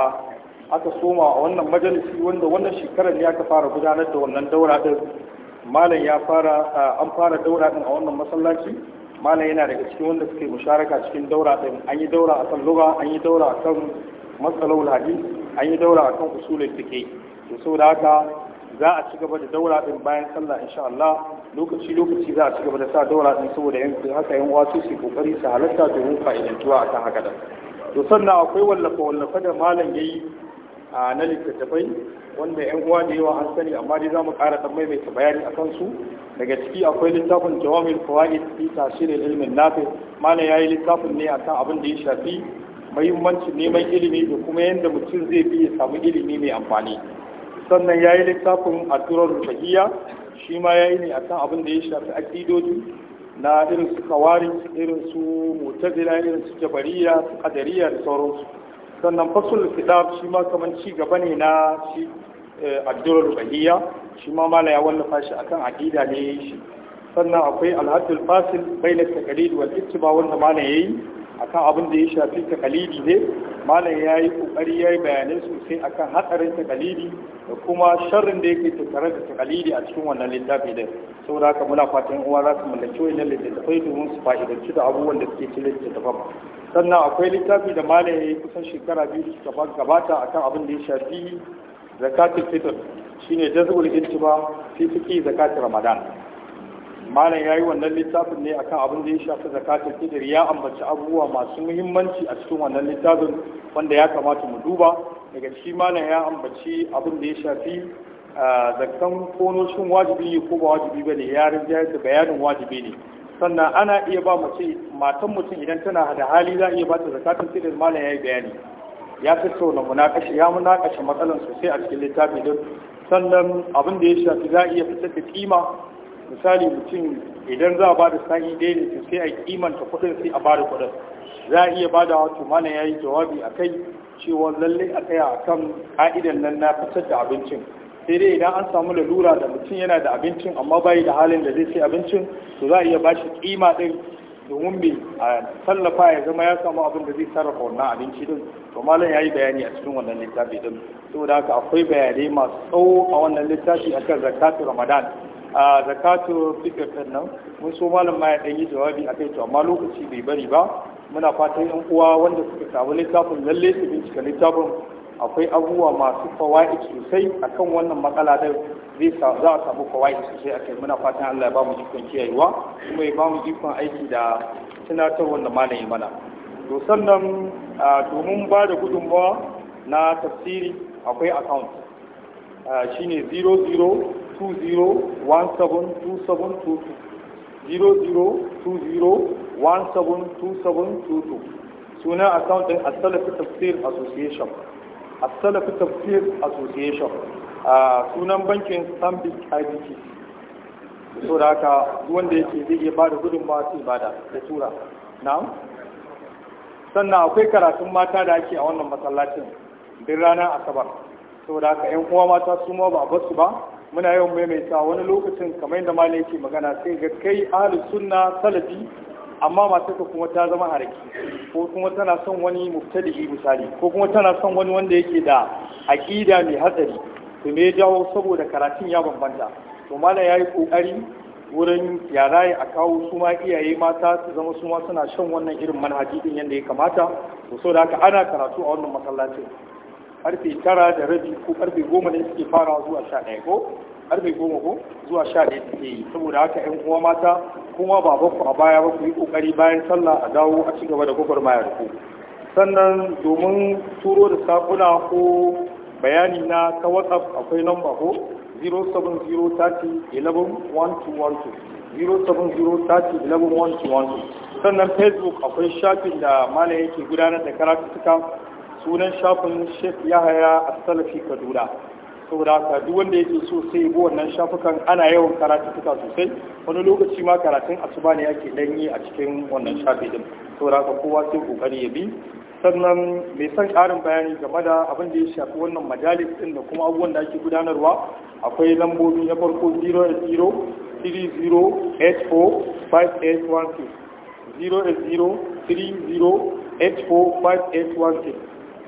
aka soma a wannan majalisi wanda wannan shekarar ne aka fara gudanar da wannan daura din malam ya fara an fara daura din a wannan masallaci malam yana daga cikin wanda suke musharaka cikin daura din an yi daura a kan lugha an yi daura akan matsalolin hadi an yi daura a kan usulul fiqh to saboda haka za a ci gaba da daura din bayan sallah insha Allah lokaci lokaci za a ci da sa daura din saboda yanzu haka yan wasu su kokari su halatta domin fa'idantuwa akan haka da to sannan akwai wallafa wallafa da malam yayi a na littattafai wanda yan uwa da yawa an sani amma dai za mu ƙara ɗan maimaita bayani a kansu daga ciki akwai littafin jawamin kawai fi tasirin ilmin nafi ya yi littafin ne akan abin da ya shafi mahimmancin neman ilimi da kuma yadda mutum zai fi ya samu ilimi mai amfani sannan ya yi littafin turar rufahiyya shi ma ya yi ne akan abin da ya shafi akidoji na irin su kawari irin su mutazila irin su jabariya su kadariya da sauransu sannan fasul kitab shi ma kaman ci gaba ne na shi eh, addurar bahiyya shi ma mala ya wallafa shi akan aqida ne shi sannan akwai alhadul fasil bayna taqlid wal ittiba wanda mala yayi akan abin da ya shafi takalidi ne malam ya yi kokari ya yi bayanai sosai akan hatsarin takalidi da kuma sharrin da yake tattare da takalidi a cikin wannan littafi din saboda haka muna fatan uwa za su mallaki wannan littattafai domin su fa'idanci da abubuwan da suke cikin littafin sannan akwai littafi da malam ya yi kusan shekara biyu da gabata akan abin da ya shafi zakatul fitr shine jazbul intiba fi fiqi zakatul ramadan malam ya yi wannan littafin ne akan abin da ya shafi zakatul fitr ya ambaci abubuwa masu muhimmanci a cikin wannan littafin wanda ya kamata mu duba daga shi malam ya ambaci abin da ya shafi zakan kono shin wajibi ne ko ba wajibi ba ne ya rinja da bayanin wajibi ne sannan ana iya ba mace matan mutum idan tana da hali za a iya bata zakatul fitr malam ya yi bayani ya tattauna munakashi ya munakashi matsalan sosai a cikin littafin din sannan abin da ya shafi za a iya fitar da kima misali mutum idan za a ba da sa'i dai ne sai a kimanta kuɗin sai a ba da kuɗin za a iya ba da wato mana ya yi jawabi a kai cewa lalle a tsaya a kan ka'idan nan na fitar da abincin sai dai idan an samu lalura da mutum yana da abincin amma bayi da halin da zai sai abincin to za a iya ba shi kima din domin bai a tallafa ya zama ya samu abin da zai sarrafa wannan abinci din to malam ya yi bayani a cikin wannan littafi din saboda haka akwai bayanai masu tsawo a wannan littafi akan zakatu ramadan a zakatu fikir din nan mun so malam ma ya dan yi jawabi kai to amma lokaci bai bari ba muna fatan yan uwa wanda suka samu littafin lalle su bincika littafin akwai abubuwa masu fawaid sosai akan wannan matsala da zai za a samu fawaid sosai akai muna fatan Allah ya ba mu jikon kiyayewa kuma ya ba mu ikon aiki da tunatarwar da malam mana to sannan domin ba da gudunmawa na tafsiri akwai account shine 00 Suna zero one a two asalafi tafsir association asalafi tafsir association a ah, sunan bankin stanbic ibc so da haka wanda yake zai iya bada gudunmawa su bada da tura na'am sannan akwai karatun mata da ake a wannan masallacin duk ranar asabar saboda haka yan uwa mata su ma ba a basu ba muna yawan maimaita wani lokacin kamar yadda malai yake magana sai ga kai ahalin sunna salafi amma matarka kuma ta zama haraki ko kuma tana son wani mubtadi'i misali ko kuma tana son wani wanda yake da aqida mai hatsari to me jawo saboda karatun ya bambanta to ya yayi kokari wurin yara a kawo su ma iyaye mata su zama su ma suna shan wannan irin manhaji din yadda ya kamata to saboda haka ana karatu a wannan masallacin karfe tara da rabi ko karfe goma ne suke farawa zuwa sha ɗaya ko karfe goma ko zuwa sha ɗaya suke yi saboda haka yan uwa mata kuma ba ku a baya ba ku yi kokari bayan sallah a dawo a ci gaba da gwagwarmaya da ku sannan domin turo da sakuna ko bayani na ta whatsapp akwai lamba ko 07030111212 sannan facebook akwai shafin da mala yake gudanar da karatuka sunan shafin Sheikh Yahaya a salafi Kaduna saboda haka duk wanda yake so sai yi wannan shafukan ana yawan suka sosai wani lokaci ma karatun asuba ne yake danyi a cikin wannan shafi din saboda haka kowa sai kokari ya bi sannan mai son karin bayani game da abin da ya shafi wannan majalis din da kuma abubuwan da ake gudanarwa akwai lambobi na farko 080 3084 5816 080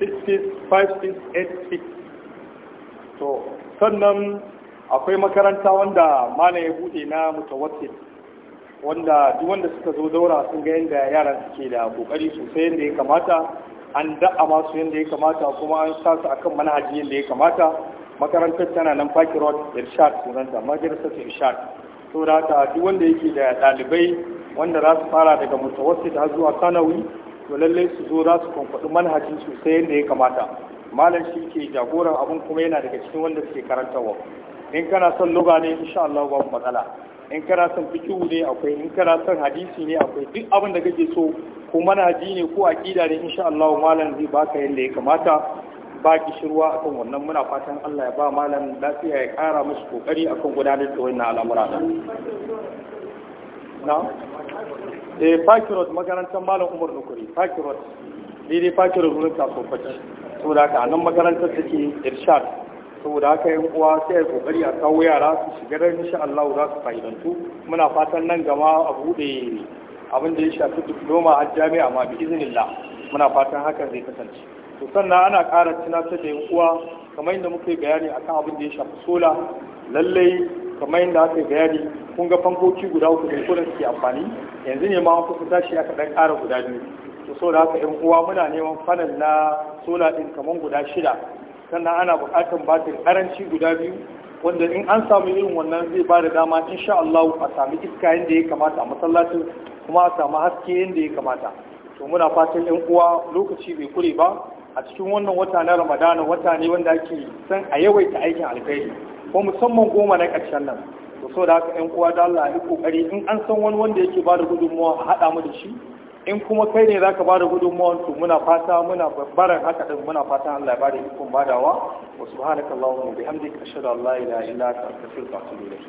665686 to sannan akwai makaranta wanda mana ya bude na mutawassit wanda duk wanda suka zo daura sun ga yadda yaran suke da kokari sosai yadda ya kamata an da'a masu yadda ya kamata kuma an sa su akan manhaji yadda ya kamata makarantar tana nan Faki Road Irshad ta madrasat Irshad to da ta duk wanda yake da ɗalibai wanda za su fara daga mutawassit har zuwa sanawi to lallai su zo za su kwamfaɗi manhajin su sai yadda ya kamata malam shi ke jagoran abun kuma yana daga cikin wanda suke karantarwa in kana son loga ne insha Allah babu matsala in kana son fikihu ne akwai in kana son hadisi ne akwai duk abin da kake so ko manhaji ne ko aqida ne insha Allah malam zai baka yadda ya kamata ba kishirwa akan wannan muna fatan Allah ya ba malam lafiya ya kara musu kokari akan gudanar da wannan al'amura na eh fakirot makarantar malam umar nukuri fakirot daidai fakirot wurin kaso fatar saboda haka nan makarantar take irshad saboda haka yan uwa sai a kokari a kawo yara su shiga da insha Allah za su fa'idantu muna fatan nan gama a bude abin da ya shafi diploma a jami'a ma bi iznillah muna fatan hakan zai kasance to sannan ana ƙara tunatar da yan uwa kamar yadda muka yi bayani akan abin da ya shafi sola lallai kamar yadda aka yi bayani kun ga fankoki guda uku da sola suke amfani yanzu ne ma kusa tashi aka dan ƙara guda biyu to so da haka yan uwa muna neman fanal na sola din kamar guda shida sannan ana buƙatar batir ƙaranci guda biyu wanda in an samu irin wannan zai ba da dama insha Allah a sami iska yadda ya kamata a masallacin kuma a samu haske yadda ya kamata to muna fatan yan uwa lokaci bai kure ba a cikin wannan wata na ramadana wata ne wanda ake san a yawaita aikin alkhairi ko musamman goma na ƙarshen nan to so da haka ƴan uwa da Allah yi kokari in an san wani wanda yake bada gudunmuwa a haɗa mu da shi in kuma kai ne zaka bada gudunmuwa to muna fata muna babbaran haka ɗin muna fata Allah ya bada ikon badawa wa subhanaka allahumma bihamdika ashhadu an la ilaha illa anta astaghfiruka wa atubu ilayk